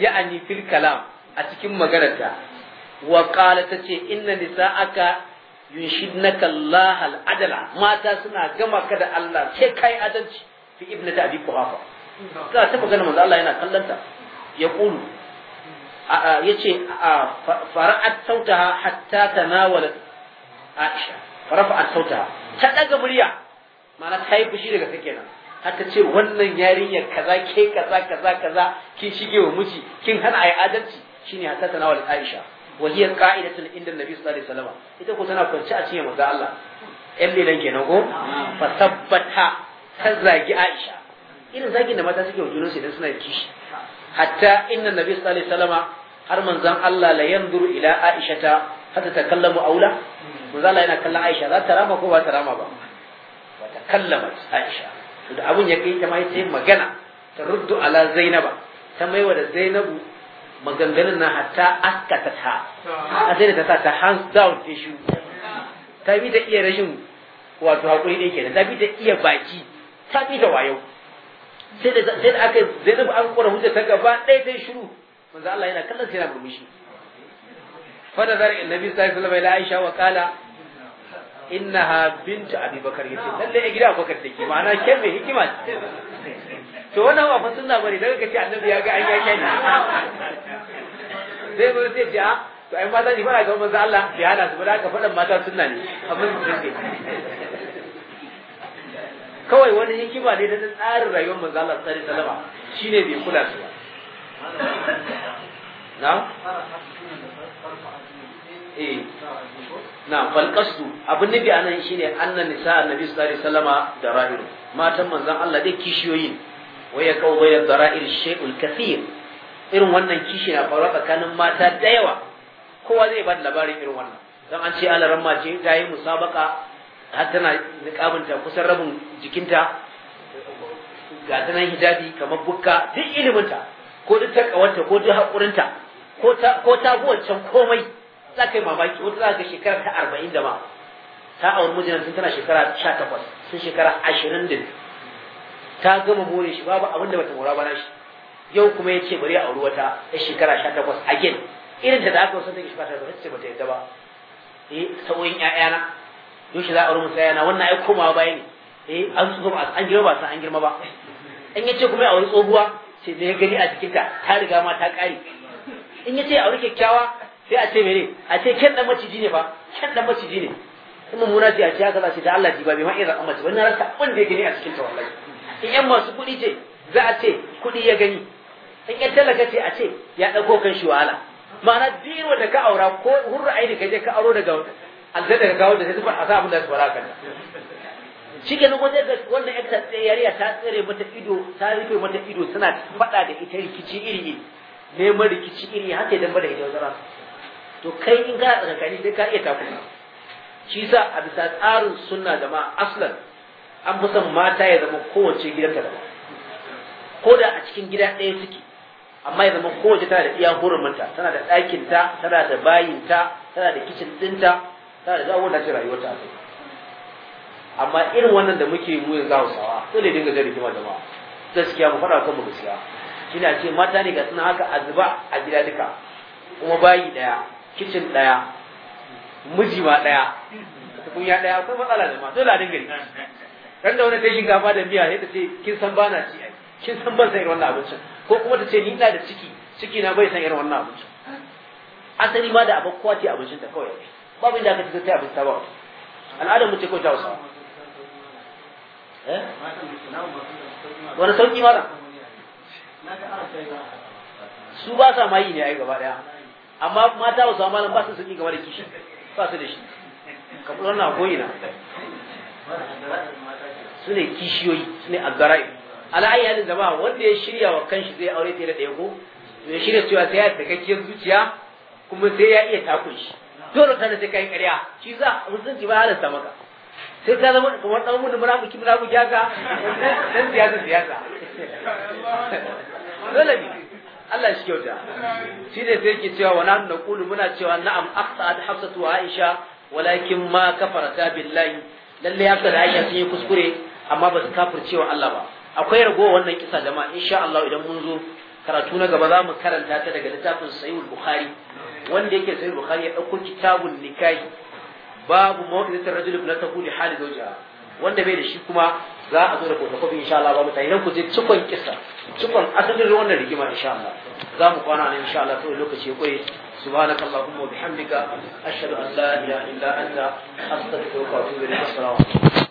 ya ani fil kalam a cikin maganarta wa qala tace inna nisa'aka yunshidnaka Allah al'adala adala mata suna gama ka da Allah sai kai adalci fi ibnati abi quhafa ta ta magana manzo Allah yana kallanta ya qulu yace fara'at sautaha hatta tanawalat Aisha fara'at sautaha ta daga murya mana ta yi fushi daga take nan haka ce wannan yarinyar kaza ke kaza kaza kaza kin shige wa miji kin hana ayi adalci shine hatta tanawalat Aisha wa hiya qa'idatun inda Nabi sallallahu alaihi wasallam ita ko tana kwance a cikin manzo Allah yan lelan kenan ko fa tabbata ta zagi Aisha irin zagin da mata suke wa junansu idan suna kishi hatta inna Nabi sallallahu alaihi wasallama har manzon Allah la yanzuru ila Aisha ta hatta kallamu aula manzon Allah yana kallon Aisha za ta rama ko ba ta rama ba Ba ta kallama Aisha to da abun ya kai ta mai sai magana ta ruddu ala Zainaba ta maiwa da Zainabu maganganun na hatta askata ta a sai ta sa ta hands down ta shi ta bi ta iya rashin wato hakuri ɗaya kenan ta bi ta iya baki ta bi ta wayo sai da aka Zainabu an kora hujja ta gaba ɗaya ta shiru manzo Allah yana kallon sai yana murmushi fa da zari annabi sallallahu alaihi wasallam ila Aisha wa qala innaha bint Abi Bakar yace lalle a gida Bakar take ma'ana ke mai hikima to wannan ba fa na bari daga kace annabi ya ga an ya kai sai mun sai ah, ya to ai mata ni fara ga manzo Allah ya hada su ba ka fadan mata sunna ne amma su take kawai wani hikima ne da tsarin rayuwar manzo Allah sallallahu alaihi wasallam shine bai kula su ba. na eh na falqasu abin nabi anan shine annan nisa annabi sallallahu alaihi wasallama da rahiru matan manzon Allah dai kishiyoyin waya kawo bayan dara'ir shay'ul kathir irin wannan kishi na faruwa tsakanin mata da yawa kowa zai ba da labarin irin wannan don an ce ramma ce ta yi musabaka har tana niƙabinta kusan rabin jikinta ga tana hijabi kamar bukka duk iliminta ko duk takawarta ko duk haƙurinta ko ta bi can komai za ka yi mamaki wata za ka shekara ta arba'in da ma ta auri mijina tun tana shekara sha takwas sun shekara ashirin da ta gama more shi babu abin da bata mora bana shi yau kuma ya ce bari a auri wata ta shekara sha takwas again irin ta da aka ta take ba ta ce bata yadda ba eh sauyin ƴaƴana yau shi za a auri musu ƴaƴana wannan ai komawa baya ne eh an tsufa an girma ba san an girma ba in ya ce kuma ya auri tsohuwa sai da ya gani a jikinta ta riga ma ta kare in ya ce wuri kyakkyawa sai a ce mene a ce kyan dan maciji ne fa kyan dan maciji ne in mummuna ce a ce haka za su da Allah ji ba bai ma iya amma ce wannan ranka abin da ya gani a cikin ta wallahi in yan masu kuɗi ce za a ce kuɗi ya gani in yan talaka ce a ce ya dauko kan shi wahala ma'ana biro da ka aura ko hurra aini ka je ka aro daga aljanna daga gawo da sai a sa abin da su fara kan shi ke nan wajen wannan yakta ta tsare mata ido ta rufe mata ido suna faɗa da ita rikici iri iri neman rikici iri haka idan ba da ita wajen to kai in ka tsakani sai ka iya takuna shi sa a bisa tsarin sunna zama aslan an fi son mata ya zama kowace gidanta daban ko da a cikin gida ɗaya suke amma ya zama kowace tana da iya hurumunta tana da ɗakinta tana da bayinta tana da kicin ɗinta tana da zawon da ce rayuwarta a amma irin wannan da muke mu yanzu Hausawa sai ne dinga jari kima jama'a gaskiya mu fara kan mu gaskiya shine a ce mata ne ga suna haka azuba a gida duka kuma bayi daya kitchen daya miji ma daya tukunya daya akwai matsala da ma dole a dinga yi dan da wannan ta shinkafa da miya sai ta ce kin san bana ci ai kin san ban san irin wannan abincin ko kuma ta ce ni ina da ciki ciki na bai san irin wannan abincin asali ma da abin ce abincin ta kawai babu inda aka ci sai abin ta ba al'adar mu ce kawai ta Eh? wani sauki mara su ba sa mayi ne yi gaba daya amma mata ba su amma ba su sauki gaba da kishi ba su da shi kamar na koyi na su ne kishiyoyi su ne agarai ala ayi halin zama wanda ya shirya wa kanshi zai aure ta da ɗaya ko ya shirya cewa sai ya takakkiyar zuciya kuma sai ya iya takun shi dole kana sai kai ƙarya shi za musulunci ba halin maka sai ta zama kamar dan mudu muramuki muramuki haka dan siyasa siyasa dole ne Allah shi kyauta shi ne sai ke cewa wa nahnu naqulu muna cewa na'am aqta'at hafsatu wa aisha walakin ma ta billahi lalle ya da aisha sun yi kuskure amma ba su kafirce cewa Allah ba akwai rago wannan kisa jama'a insha Allah idan mun zo karatu na gaba za mu karanta ta daga littafin sahihul bukhari wanda yake sahihul bukhari ya dauko kitabun nikahi babu mawqidatul rajul ibn tahu li hali zawjiha wanda bai da shi kuma za a zo da photocopy insha Allah ba mutane nan ku je cikon kissa cikon asalin wannan rigima insha Allah za mu kwana nan insha Allah sai lokaci ya kure سبحانك اللهم وبحمدك أشهد أن لا إله إلا أنت أستغفرك وأتوب إليك السلام عليكم